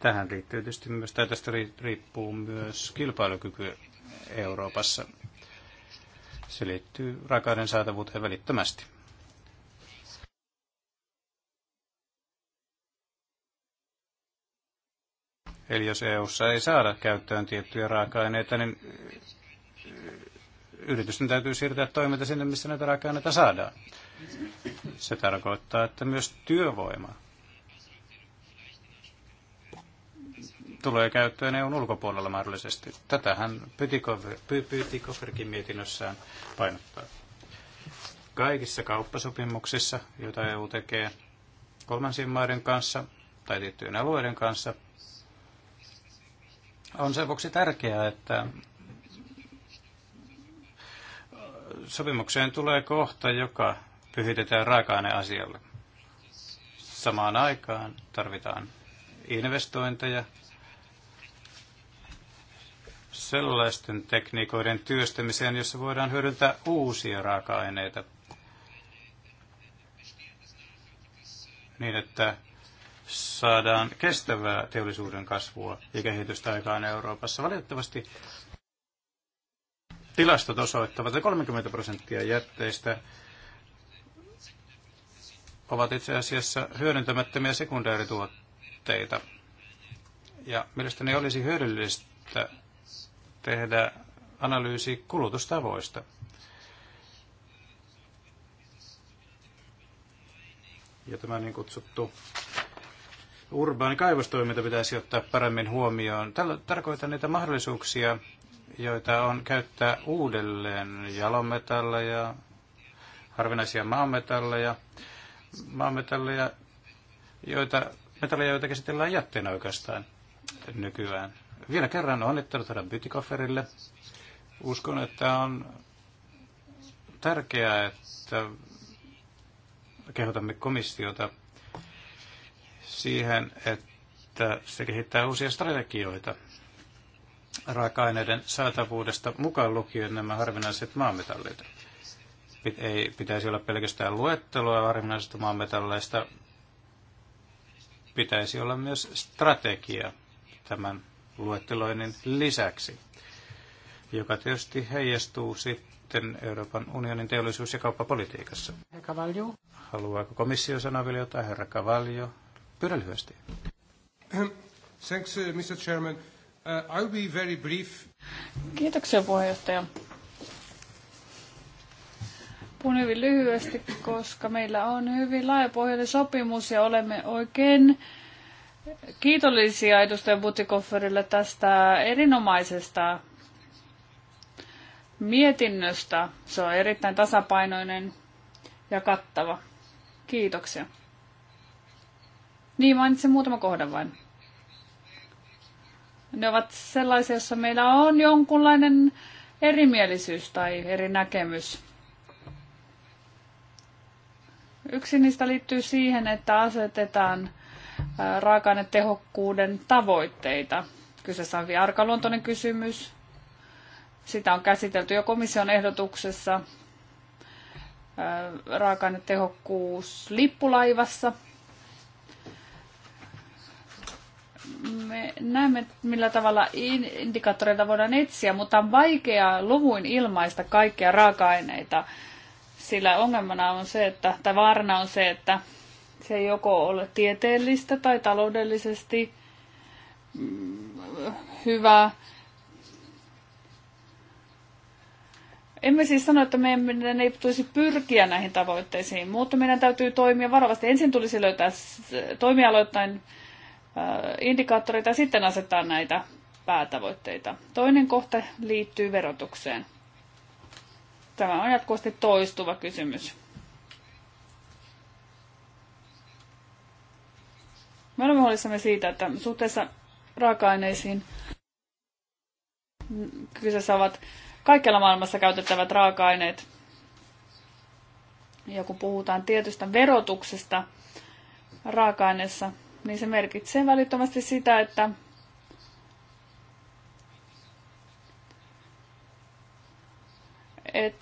Tähän liittyy tietysti myös, tai tästä riippuu myös kilpailukyky Euroopassa. Se liittyy raakaiden saatavuuteen välittömästi. Eli jos EU:ssa ei saada käyttöön tiettyjä raaka-aineita, niin yritysten täytyy siirtää toiminta sinne, missä näitä raaka-aineita saadaan. Se tarkoittaa, että myös työvoima tulee käyttöön EUn ulkopuolella mahdollisesti. Tätähän Pytikofferkin mietinnössään painottaa. Kaikissa kauppasopimuksissa, joita EU tekee kolmansien maiden kanssa tai tiettyjen alueiden kanssa, on sen vuoksi tärkeää, että sopimukseen tulee kohta, joka pyhitetään raaka-aine asialle. Samaan aikaan tarvitaan investointeja sellaisten tekniikoiden työstämiseen, jossa voidaan hyödyntää uusia raaka-aineita niin, että saadaan kestävää teollisuuden kasvua ja kehitystä aikaan Euroopassa. Valitettavasti tilastot osoittavat, että 30 prosenttia jätteistä ovat itse asiassa hyödyntämättömiä sekundäärituotteita. Ja mielestäni olisi hyödyllistä tehdä analyysi kulutustavoista. Ja tämä niin kutsuttu urbaani kaivostoiminta pitäisi ottaa paremmin huomioon. Tällä tarkoitan niitä mahdollisuuksia, joita on käyttää uudelleen jalometalleja, harvinaisia maametalleja, maametalleja, joita, metalleja, joita käsitellään jätteenä oikeastaan nykyään. Vielä kerran onnittelut herra Bytikofferille. Uskon, että on tärkeää, että kehotamme komissiota siihen, että se kehittää uusia strategioita raaka-aineiden saatavuudesta mukaan lukien nämä harvinaiset maametallit. Ei pitäisi olla pelkästään luettelua harvinaisista maametalleista, pitäisi olla myös strategia tämän luetteloinnin lisäksi, joka tietysti heijastuu sitten Euroopan unionin teollisuus- ja kauppapolitiikassa. Kavaljo. Haluaako komissio sanoa vielä jotain, herra Kavaljo? Pyydä lyhyesti. *clears throat* Thanks, uh, Mr. Chairman. Uh, I'll be very brief. Kiitoksia puheenjohtaja. Puhun hyvin lyhyesti, koska meillä on hyvin laajapohjainen sopimus ja olemme oikein kiitollisia edustaja Butikofferille tästä erinomaisesta mietinnöstä. Se on erittäin tasapainoinen ja kattava. Kiitoksia. Niin, mainitsin muutama kohdan vain. Ne ovat sellaisia, joissa meillä on jonkunlainen erimielisyys tai eri näkemys. Yksi niistä liittyy siihen, että asetetaan raaka-ainetehokkuuden tavoitteita. Kyseessä on hyvin arkaluontoinen kysymys. Sitä on käsitelty jo komission ehdotuksessa raaka-ainetehokkuus lippulaivassa. Me näemme, millä tavalla indikaattoreita voidaan etsiä, mutta on vaikea luvuin ilmaista kaikkia raaka-aineita, sillä ongelmana on se, että, tai vaarana on se, että se ei joko ole tieteellistä tai taloudellisesti mm, hyvää. Emme siis sano, että meidän ei tulisi pyrkiä näihin tavoitteisiin, mutta meidän täytyy toimia varovasti. Ensin tulisi löytää toimialoittain äh, indikaattoreita ja sitten asettaa näitä päätavoitteita. Toinen kohta liittyy verotukseen. Tämä on jatkuvasti toistuva kysymys. Me olemme huolissamme siitä, että suhteessa raaka-aineisiin kyseessä ovat kaikkialla maailmassa käytettävät raaka-aineet. Ja kun puhutaan tietystä verotuksesta raaka-aineessa, niin se merkitsee välittömästi sitä, että että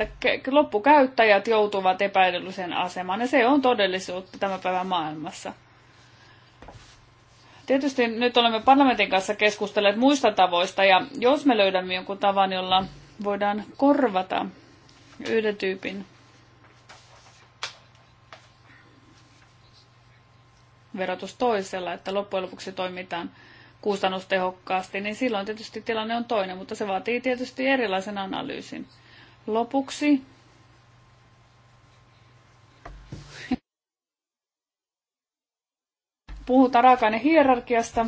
loppukäyttäjät joutuvat epäedulliseen asemaan, ja se on todellisuutta tämän päivän maailmassa – Tietysti nyt olemme parlamentin kanssa keskustelleet muista tavoista ja jos me löydämme jonkun tavan, jolla voidaan korvata yhden tyypin verotus toisella, että loppujen lopuksi toimitaan kustannustehokkaasti, niin silloin tietysti tilanne on toinen, mutta se vaatii tietysti erilaisen analyysin. Lopuksi puhutaan raakainen hierarkiasta.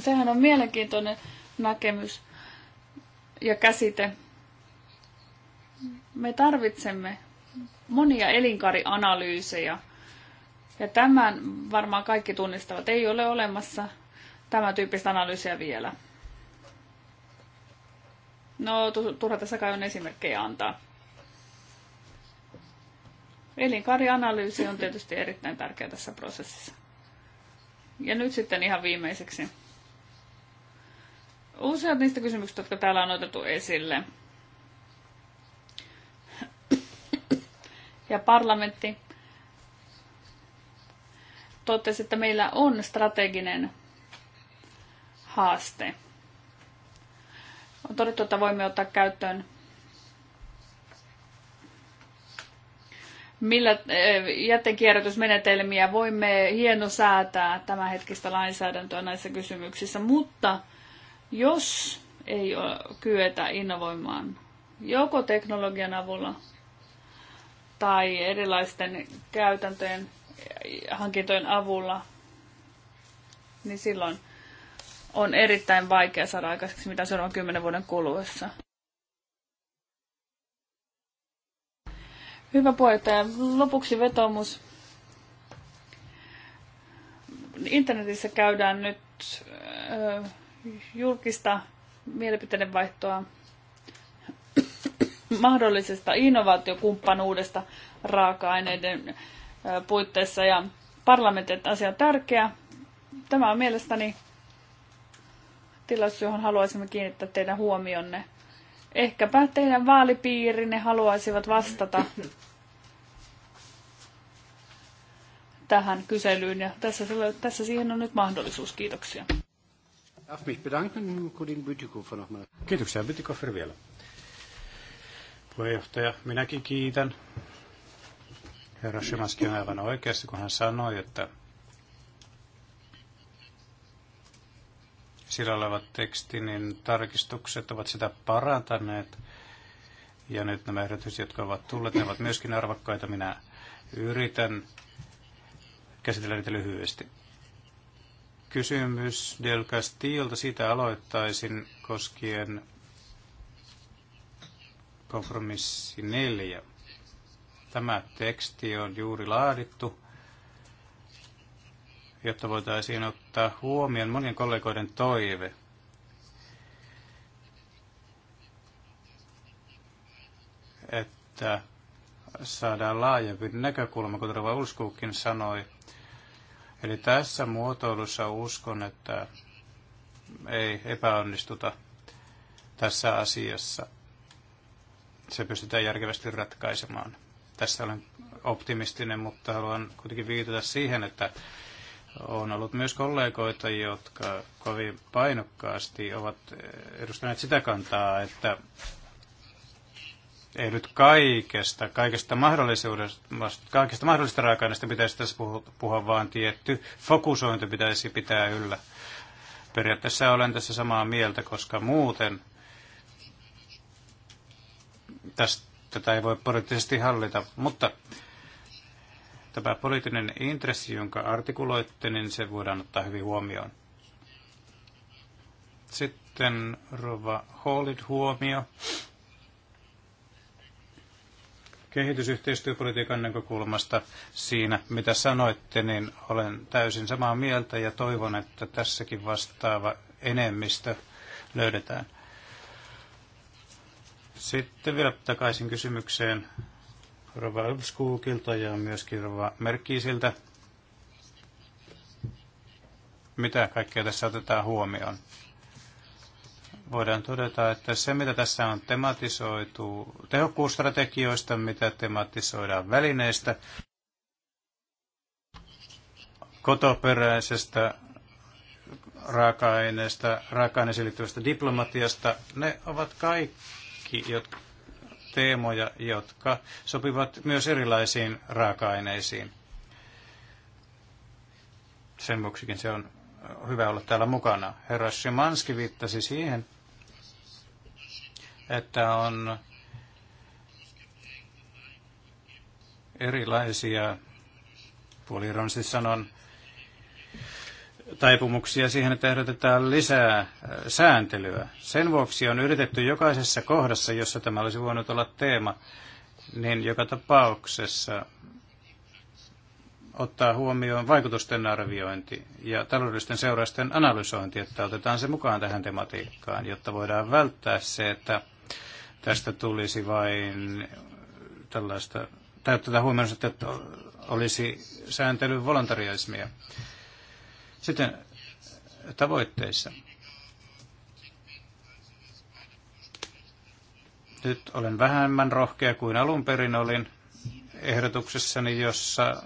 Sehän on mielenkiintoinen näkemys ja käsite. Me tarvitsemme monia elinkaarianalyysejä. Ja tämän varmaan kaikki tunnistavat. Ei ole olemassa tämän tyyppistä analyysiä vielä. No, turha tässä kai on esimerkkejä antaa elinkaarianalyysi on tietysti erittäin tärkeä tässä prosessissa. Ja nyt sitten ihan viimeiseksi. Useat niistä kysymyksistä, jotka täällä on otettu esille. Ja parlamentti totesi, että meillä on strateginen haaste. On todettu, että voimme ottaa käyttöön millä eh, jätekierrätysmenetelmiä voimme hienosäätää tämänhetkistä lainsäädäntöä näissä kysymyksissä, mutta jos ei kyetä innovoimaan joko teknologian avulla tai erilaisten käytäntöjen hankintojen avulla, niin silloin on erittäin vaikea saada aikaiseksi mitä seuraavan kymmenen vuoden kuluessa. Hyvä puheenjohtaja. Lopuksi vetomus. Internetissä käydään nyt ö, julkista mielipiteiden vaihtoa mahdollisesta innovaatiokumppanuudesta raaka-aineiden puitteissa ja parlamentin asia on tärkeä. Tämä on mielestäni tilaisuus, johon haluaisimme kiinnittää teidän huomionne. Ehkäpä teidän vaalipiirinne haluaisivat vastata tähän kyselyyn ja tässä, tässä siihen on nyt mahdollisuus. Kiitoksia. Kiitoksia Bütikofer vielä. Puheenjohtaja, minäkin kiitän. Herra Szymanski on aivan oikeasti, kun hän sanoi, että sillä oleva teksti, niin tarkistukset ovat sitä parantaneet. Ja nyt nämä ehdotukset, jotka ovat tulleet, ne ovat myöskin arvokkaita. Minä yritän käsitellä niitä lyhyesti. Kysymys Del Castilta, siitä aloittaisin koskien kompromissi neljä. Tämä teksti on juuri laadittu jotta voitaisiin ottaa huomioon monien kollegoiden toive. että saadaan laajempi näkökulma, kuten Rova Ulskuukin sanoi. Eli tässä muotoilussa uskon, että ei epäonnistuta tässä asiassa. Se pystytään järkevästi ratkaisemaan. Tässä olen optimistinen, mutta haluan kuitenkin viitata siihen, että on ollut myös kollegoita, jotka kovin painokkaasti ovat eh, edustaneet sitä kantaa, että ei nyt kaikesta, kaikesta mahdollisuudesta, kaikesta mahdollisesta raaka-aineesta pitäisi tässä puhua, vaan tietty fokusointi pitäisi pitää yllä. Periaatteessa olen tässä samaa mieltä, koska muuten tästä, tätä ei voi poliittisesti hallita, mutta Tämä poliittinen intressi, jonka artikuloitte, niin se voidaan ottaa hyvin huomioon. Sitten Rova hallit huomio. Kehitysyhteistyöpolitiikan näkökulmasta siinä, mitä sanoitte, niin olen täysin samaa mieltä ja toivon, että tässäkin vastaava enemmistö löydetään. Sitten vielä takaisin kysymykseen Rova Ulfskukilta ja myöskin Rova Merkkiisiltä. Mitä kaikkea tässä otetaan huomioon? Voidaan todeta, että se mitä tässä on tematisoitu tehokkuusstrategioista, mitä tematisoidaan välineistä, kotoperäisestä raaka-aineesta, raaka-aineeseen liittyvästä diplomatiasta, ne ovat kaikki, jotka teemoja, jotka sopivat myös erilaisiin raaka-aineisiin. Sen vuoksikin se on hyvä olla täällä mukana. Herra Szymanski viittasi siihen, että on erilaisia, puoliironisesti sanon, taipumuksia siihen, että ehdotetaan lisää äh, sääntelyä. Sen vuoksi on yritetty jokaisessa kohdassa, jossa tämä olisi voinut olla teema, niin joka tapauksessa ottaa huomioon vaikutusten arviointi ja taloudellisten seurausten analysointi, että otetaan se mukaan tähän tematiikkaan, jotta voidaan välttää se, että tästä tulisi vain tällaista, ottaa huomioon, että olisi sääntelyn voluntarismia. Sitten tavoitteissa. Nyt olen vähemmän rohkea kuin alun perin olin ehdotuksessani, jossa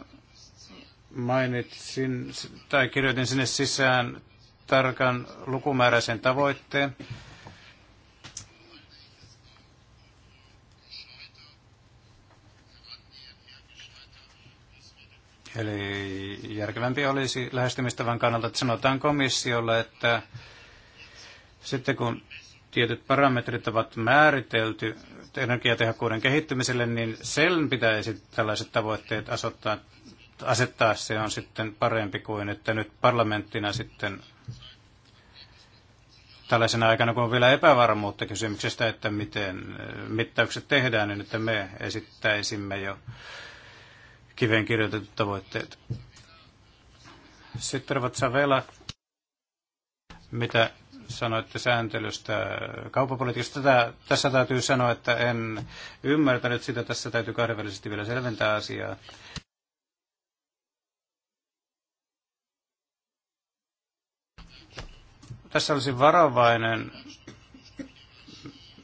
mainitsin tai kirjoitin sinne sisään tarkan lukumääräisen tavoitteen, Eli järkevämpi olisi lähestymistavan kannalta, että sanotaan komissiolle, että sitten kun tietyt parametrit ovat määritelty energiatehokkuuden kehittymiselle, niin sen pitäisi tällaiset tavoitteet asottaa asettaa. Se on sitten parempi kuin, että nyt parlamenttina sitten tällaisena aikana, kun on vielä epävarmuutta kysymyksestä, että miten mittaukset tehdään, niin että me esittäisimme jo kiveen kirjoitetut tavoitteet. Sitten ovat Savela, mitä sanoitte sääntelystä kauppapolitiikasta. Tätä, tässä täytyy sanoa, että en ymmärtänyt sitä. Tässä täytyy kahdenvälisesti vielä selventää asiaa. Tässä olisi varovainen,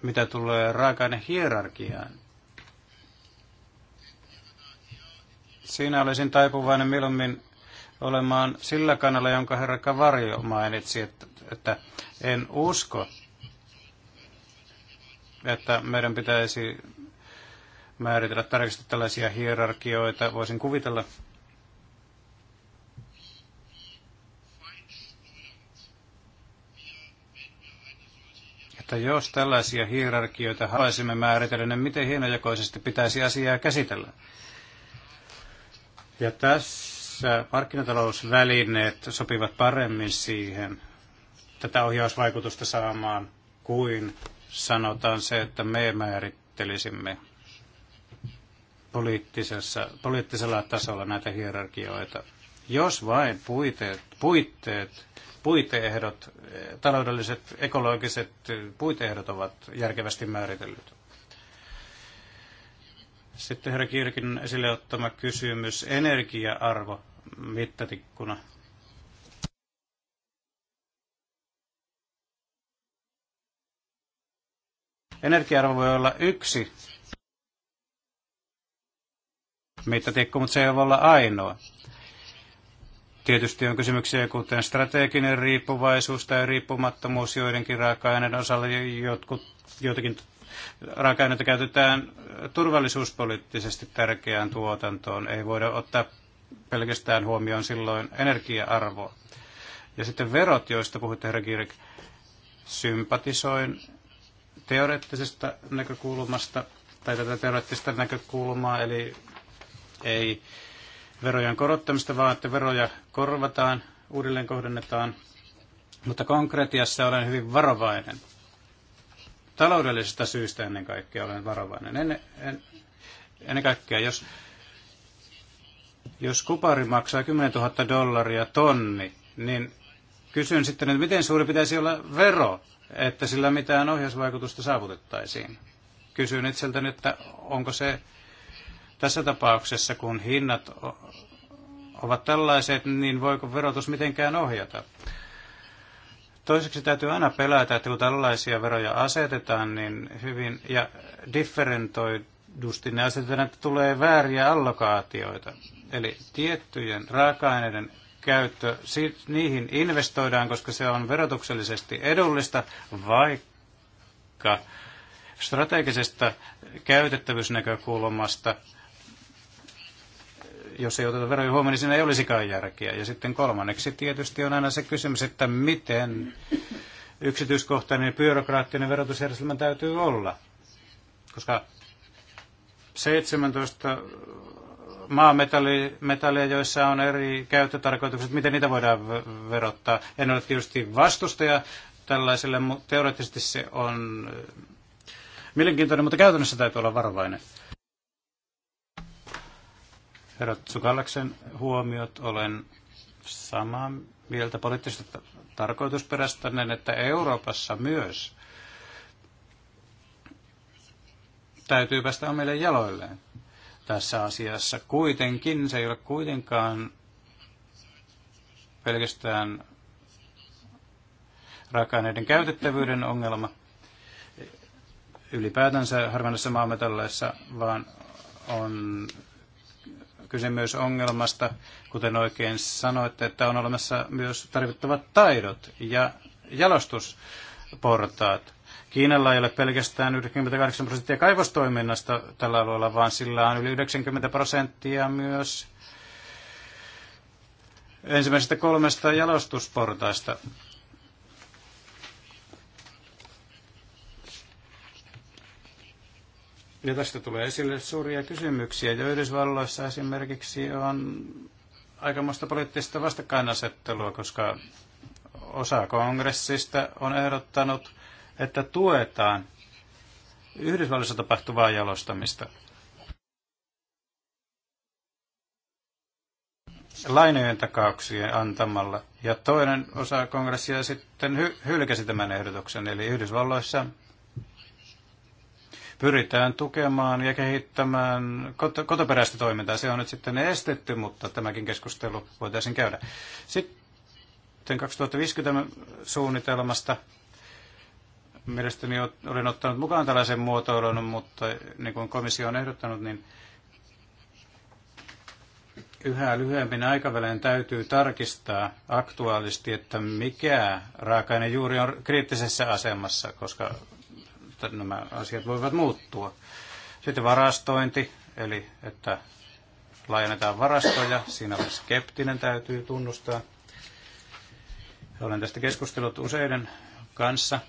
mitä tulee raaka hierarkiaan. Siinä olisin taipuvainen mieluummin olemaan sillä kannalla, jonka herra Kavario mainitsi, että, että en usko, että meidän pitäisi määritellä tarkasti tällaisia hierarkioita. Voisin kuvitella, että jos tällaisia hierarkioita haluaisimme määritellä, niin miten hienojakoisesti pitäisi asiaa käsitellä. Ja tässä markkinatalousvälineet sopivat paremmin siihen tätä ohjausvaikutusta saamaan kuin sanotaan se, että me määrittelisimme poliittisessa, poliittisella tasolla näitä hierarkioita. Jos vain puiteet, puitteet, puiteehdot, taloudelliset, ekologiset puiteehdot ovat järkevästi määritellyt. Sitten herra Kirkin esille ottama kysymys, energia-arvo mittatikkuna. Energia-arvo voi olla yksi mittatikku, mutta se ei voi olla ainoa. Tietysti on kysymyksiä kuten strateginen riippuvaisuus tai riippumattomuus joidenkin raaka-aineiden osalla. Jotkut, joitakin raaka-aineita käytetään turvallisuuspoliittisesti tärkeään tuotantoon. Ei voida ottaa pelkästään huomioon silloin energia-arvoa. Ja sitten verot, joista puhutte herra Kirk, sympatisoin teoreettisesta näkökulmasta, tai tätä teoreettista näkökulmaa, eli ei verojen korottamista, vaan että veroja korvataan, uudelleen kohdennetaan. Mutta konkretiassa olen hyvin varovainen Taloudellisista syistä ennen kaikkea olen varovainen. En, en, ennen kaikkea, jos, jos kupari maksaa 10 000 dollaria tonni, niin kysyn sitten, että miten suuri pitäisi olla vero, että sillä mitään ohjausvaikutusta saavutettaisiin. Kysyn itseltäni, että onko se tässä tapauksessa, kun hinnat ovat tällaiset, niin voiko verotus mitenkään ohjata Toiseksi täytyy aina pelätä, että kun tällaisia veroja asetetaan, niin hyvin ja differentoidusti ne asetetaan, että tulee vääriä allokaatioita. Eli tiettyjen raaka-aineiden käyttö, niihin investoidaan, koska se on verotuksellisesti edullista, vaikka strategisesta käytettävyysnäkökulmasta – jos ei oteta veroja huomioon, niin siinä ei olisikaan järkeä. Ja sitten kolmanneksi tietysti on aina se kysymys, että miten yksityiskohtainen byrokraattinen verotusjärjestelmä täytyy olla. Koska 17 maametalleja, joissa on eri käyttötarkoitukset, miten niitä voidaan verottaa. En ole tietysti vastustaja tällaiselle, mutta teoreettisesti se on äh, mielenkiintoinen, mutta käytännössä täytyy olla varovainen. Herra Tsukallaksen huomiot olen samaa mieltä poliittisesta tarkoitusperästäneen, että Euroopassa myös täytyy päästä omille jaloilleen tässä asiassa. Kuitenkin se ei ole kuitenkaan pelkästään raaka-aineiden käytettävyyden ongelma ylipäätänsä harvinaisissa maametalleissa, vaan on kyse myös ongelmasta, kuten oikein sanoitte, että on olemassa myös tarvittavat taidot ja jalostusportaat. Kiinalla ei ole pelkästään 98 prosenttia kaivostoiminnasta tällä alueella, vaan sillä on yli 90 prosenttia myös ensimmäisestä kolmesta jalostusportaista. Ja tästä tulee esille suuria kysymyksiä, ja Yhdysvalloissa esimerkiksi on aikamoista poliittista vastakkainasettelua, koska osa kongressista on ehdottanut, että tuetaan Yhdysvalloissa tapahtuvaa jalostamista. lainojen takauksien antamalla. Ja toinen osa kongressia sitten hy- hylkäsi tämän ehdotuksen. Eli Yhdysvalloissa pyritään tukemaan ja kehittämään kotoperäistä toimintaa. Se on nyt sitten estetty, mutta tämäkin keskustelu voitaisiin käydä. Sitten 2050 suunnitelmasta mielestäni olin ottanut mukaan tällaisen muotoilun, mutta niin kuin komissio on ehdottanut, niin yhä lyhyemmin aikavälein täytyy tarkistaa aktuaalisti, että mikä raaka-aine juuri on kriittisessä asemassa, koska että nämä asiat voivat muuttua. Sitten varastointi, eli että laajennetaan varastoja, siinä on skeptinen, täytyy tunnustaa. Olen tästä keskustellut useiden kanssa.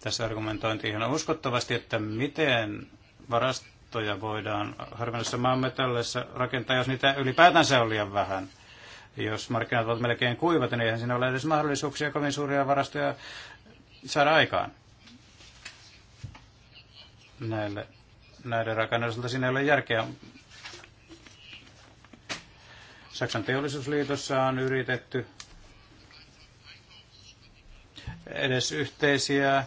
Tässä argumentointi ihan uskottavasti, että miten varastoja voidaan harvinaisessa maanmetalleissa rakentaa, jos niitä ylipäätänsä on liian vähän. Jos markkinat ovat melkein kuivat, niin eihän siinä ole edes mahdollisuuksia kovin suuria varastoja saada aikaan näille, näiden rakennuksilta. Siinä ei ole järkeä. Saksan teollisuusliitossa on yritetty edes yhteisiä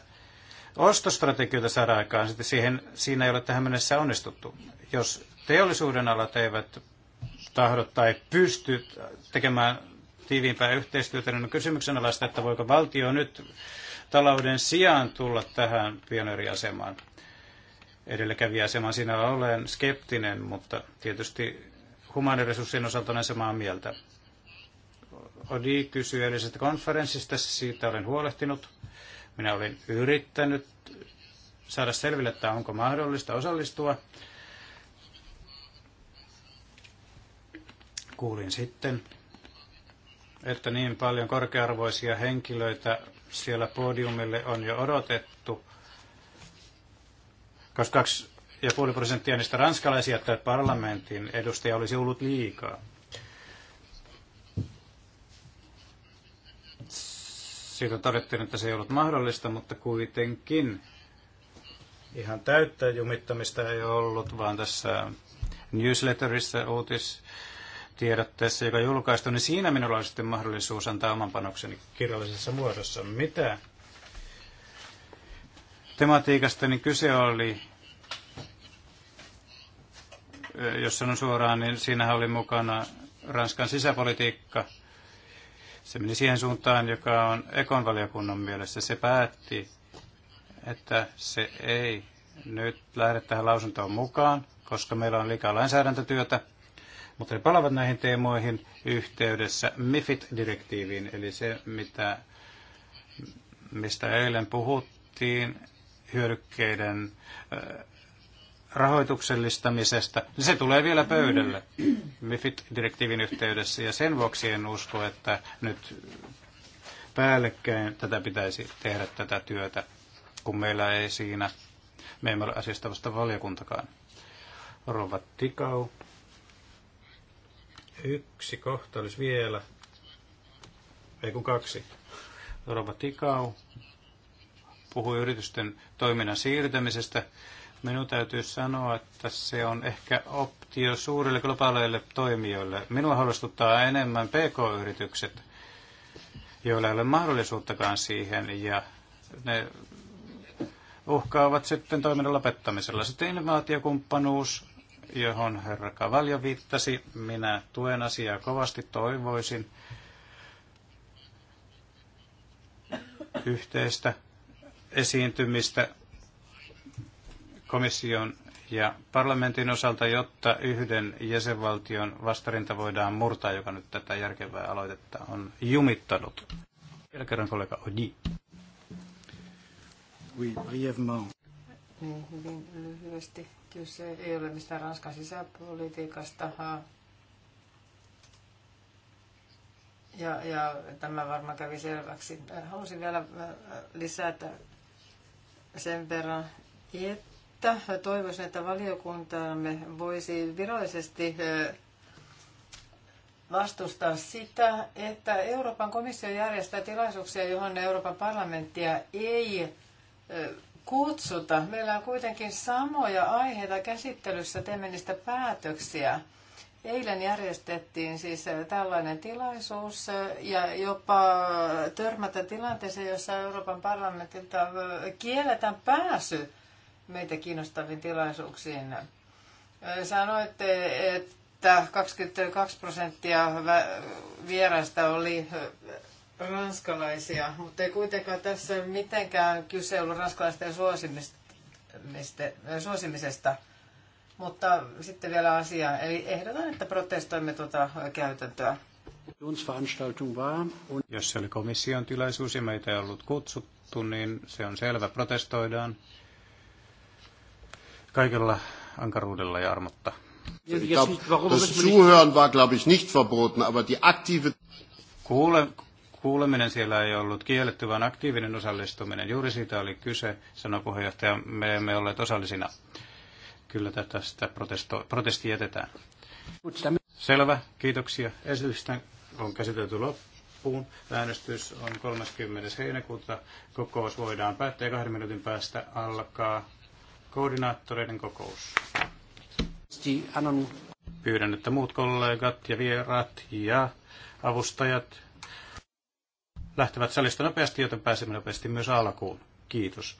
ostostrategioita saada aikaan. Sitten siihen, siinä ei ole tähän mennessä onnistuttu. Jos teollisuuden alat eivät tahdo tai pysty tekemään tiiviimpää yhteistyötä, niin on alasta, että voiko valtio nyt talouden sijaan tulla tähän pioneeriasemaan edelläkävijäaseman siinä olen skeptinen, mutta tietysti humaaniresurssien osalta olen samaa mieltä. Odi kysyi edellisestä konferenssista, siitä olen huolehtinut. Minä olin yrittänyt saada selville, että onko mahdollista osallistua. Kuulin sitten, että niin paljon korkearvoisia henkilöitä siellä podiumille on jo odotettu, koska kaksi ja puoli prosenttia niistä ranskalaisia tai parlamentin edustajia olisi ollut liikaa. Siitä todettiin, että se ei ollut mahdollista, mutta kuitenkin ihan täyttä jumittamista ei ollut, vaan tässä newsletterissa, tiedotteessa joka julkaistu, niin siinä minulla oli sitten mahdollisuus antaa oman panokseni kirjallisessa muodossa. Mitä tematiikasta, niin kyse oli jos sanon suoraan, niin siinähän oli mukana Ranskan sisäpolitiikka. Se meni siihen suuntaan, joka on Ekon valiokunnan mielessä. Se päätti, että se ei nyt lähde tähän lausuntoon mukaan, koska meillä on liikaa lainsäädäntötyötä, mutta ne palavat näihin teemoihin yhteydessä MIFID-direktiiviin, eli se, mitä, mistä eilen puhuttiin, hyödykkeiden rahoituksellistamisesta, niin se tulee vielä pöydälle MIFID-direktiivin yhteydessä, ja sen vuoksi en usko, että nyt päällekkäin tätä pitäisi tehdä tätä työtä, kun meillä ei siinä, me emme ole asiasta vasta valiokuntakaan. Rova Tikau. Yksi kohta olisi vielä, ei kun kaksi. Rova Tikau puhui yritysten toiminnan siirtämisestä Minun täytyy sanoa, että se on ehkä optio suurille globaaleille toimijoille. Minua huolestuttaa enemmän pk-yritykset, joilla ei ole mahdollisuuttakaan siihen, ja ne uhkaavat sitten toiminnan lopettamisella. Sitten innovaatiokumppanuus, johon herra Kavaljo viittasi. Minä tuen asiaa kovasti, toivoisin yhteistä esiintymistä komission ja parlamentin osalta, jotta yhden jäsenvaltion vastarinta voidaan murtaa, joka nyt tätä järkevää aloitetta on jumittanut. Vielä kerran kollega Odi. Oui, brièvement. Niin, hyvin lyhyesti. Kyse ei ole mistään Ranskan sisäpolitiikasta. Ja, ja tämä varmaan kävi selväksi. Halusin vielä äh, lisätä sen verran, että että toivoisin, että valiokuntamme voisi virallisesti vastustaa sitä, että Euroopan komissio järjestää tilaisuuksia, johon Euroopan parlamenttia ei kutsuta. Meillä on kuitenkin samoja aiheita käsittelyssä, teemme niistä päätöksiä. Eilen järjestettiin siis tällainen tilaisuus ja jopa törmätä tilanteeseen, jossa Euroopan parlamentilta kielletään pääsy meitä kiinnostaviin tilaisuuksiin. Sanoitte, että 22 prosenttia vierasta oli ranskalaisia, mutta ei kuitenkaan tässä mitenkään kyse ollut ranskalaisten suosimisesta. Mutta sitten vielä asia. Eli ehdotan, että protestoimme tuota käytäntöä. Jos se oli komission tilaisuus ja meitä ei ollut kutsuttu, niin se on selvä, protestoidaan kaikella ankaruudella ja armotta. Ich glaub, das Zuhören war, glaube ich, nicht verboten, aber die aktive... Kuule, kuuleminen siellä ei ollut kielletty, vaan aktiivinen osallistuminen. Juuri siitä oli kyse, sanoi puheenjohtaja. Me emme olleet osallisina. Kyllä tästä protesto, protesti jätetään. Selvä, kiitoksia. Esitystä on käsitelty loppuun. Äänestys on 30. heinäkuuta. Kokous voidaan päättää kahden minuutin päästä alkaa koordinaattoreiden kokous. Pyydän, että muut kollegat ja vieraat ja avustajat lähtevät salista nopeasti, joten pääsemme nopeasti myös alkuun. Kiitos.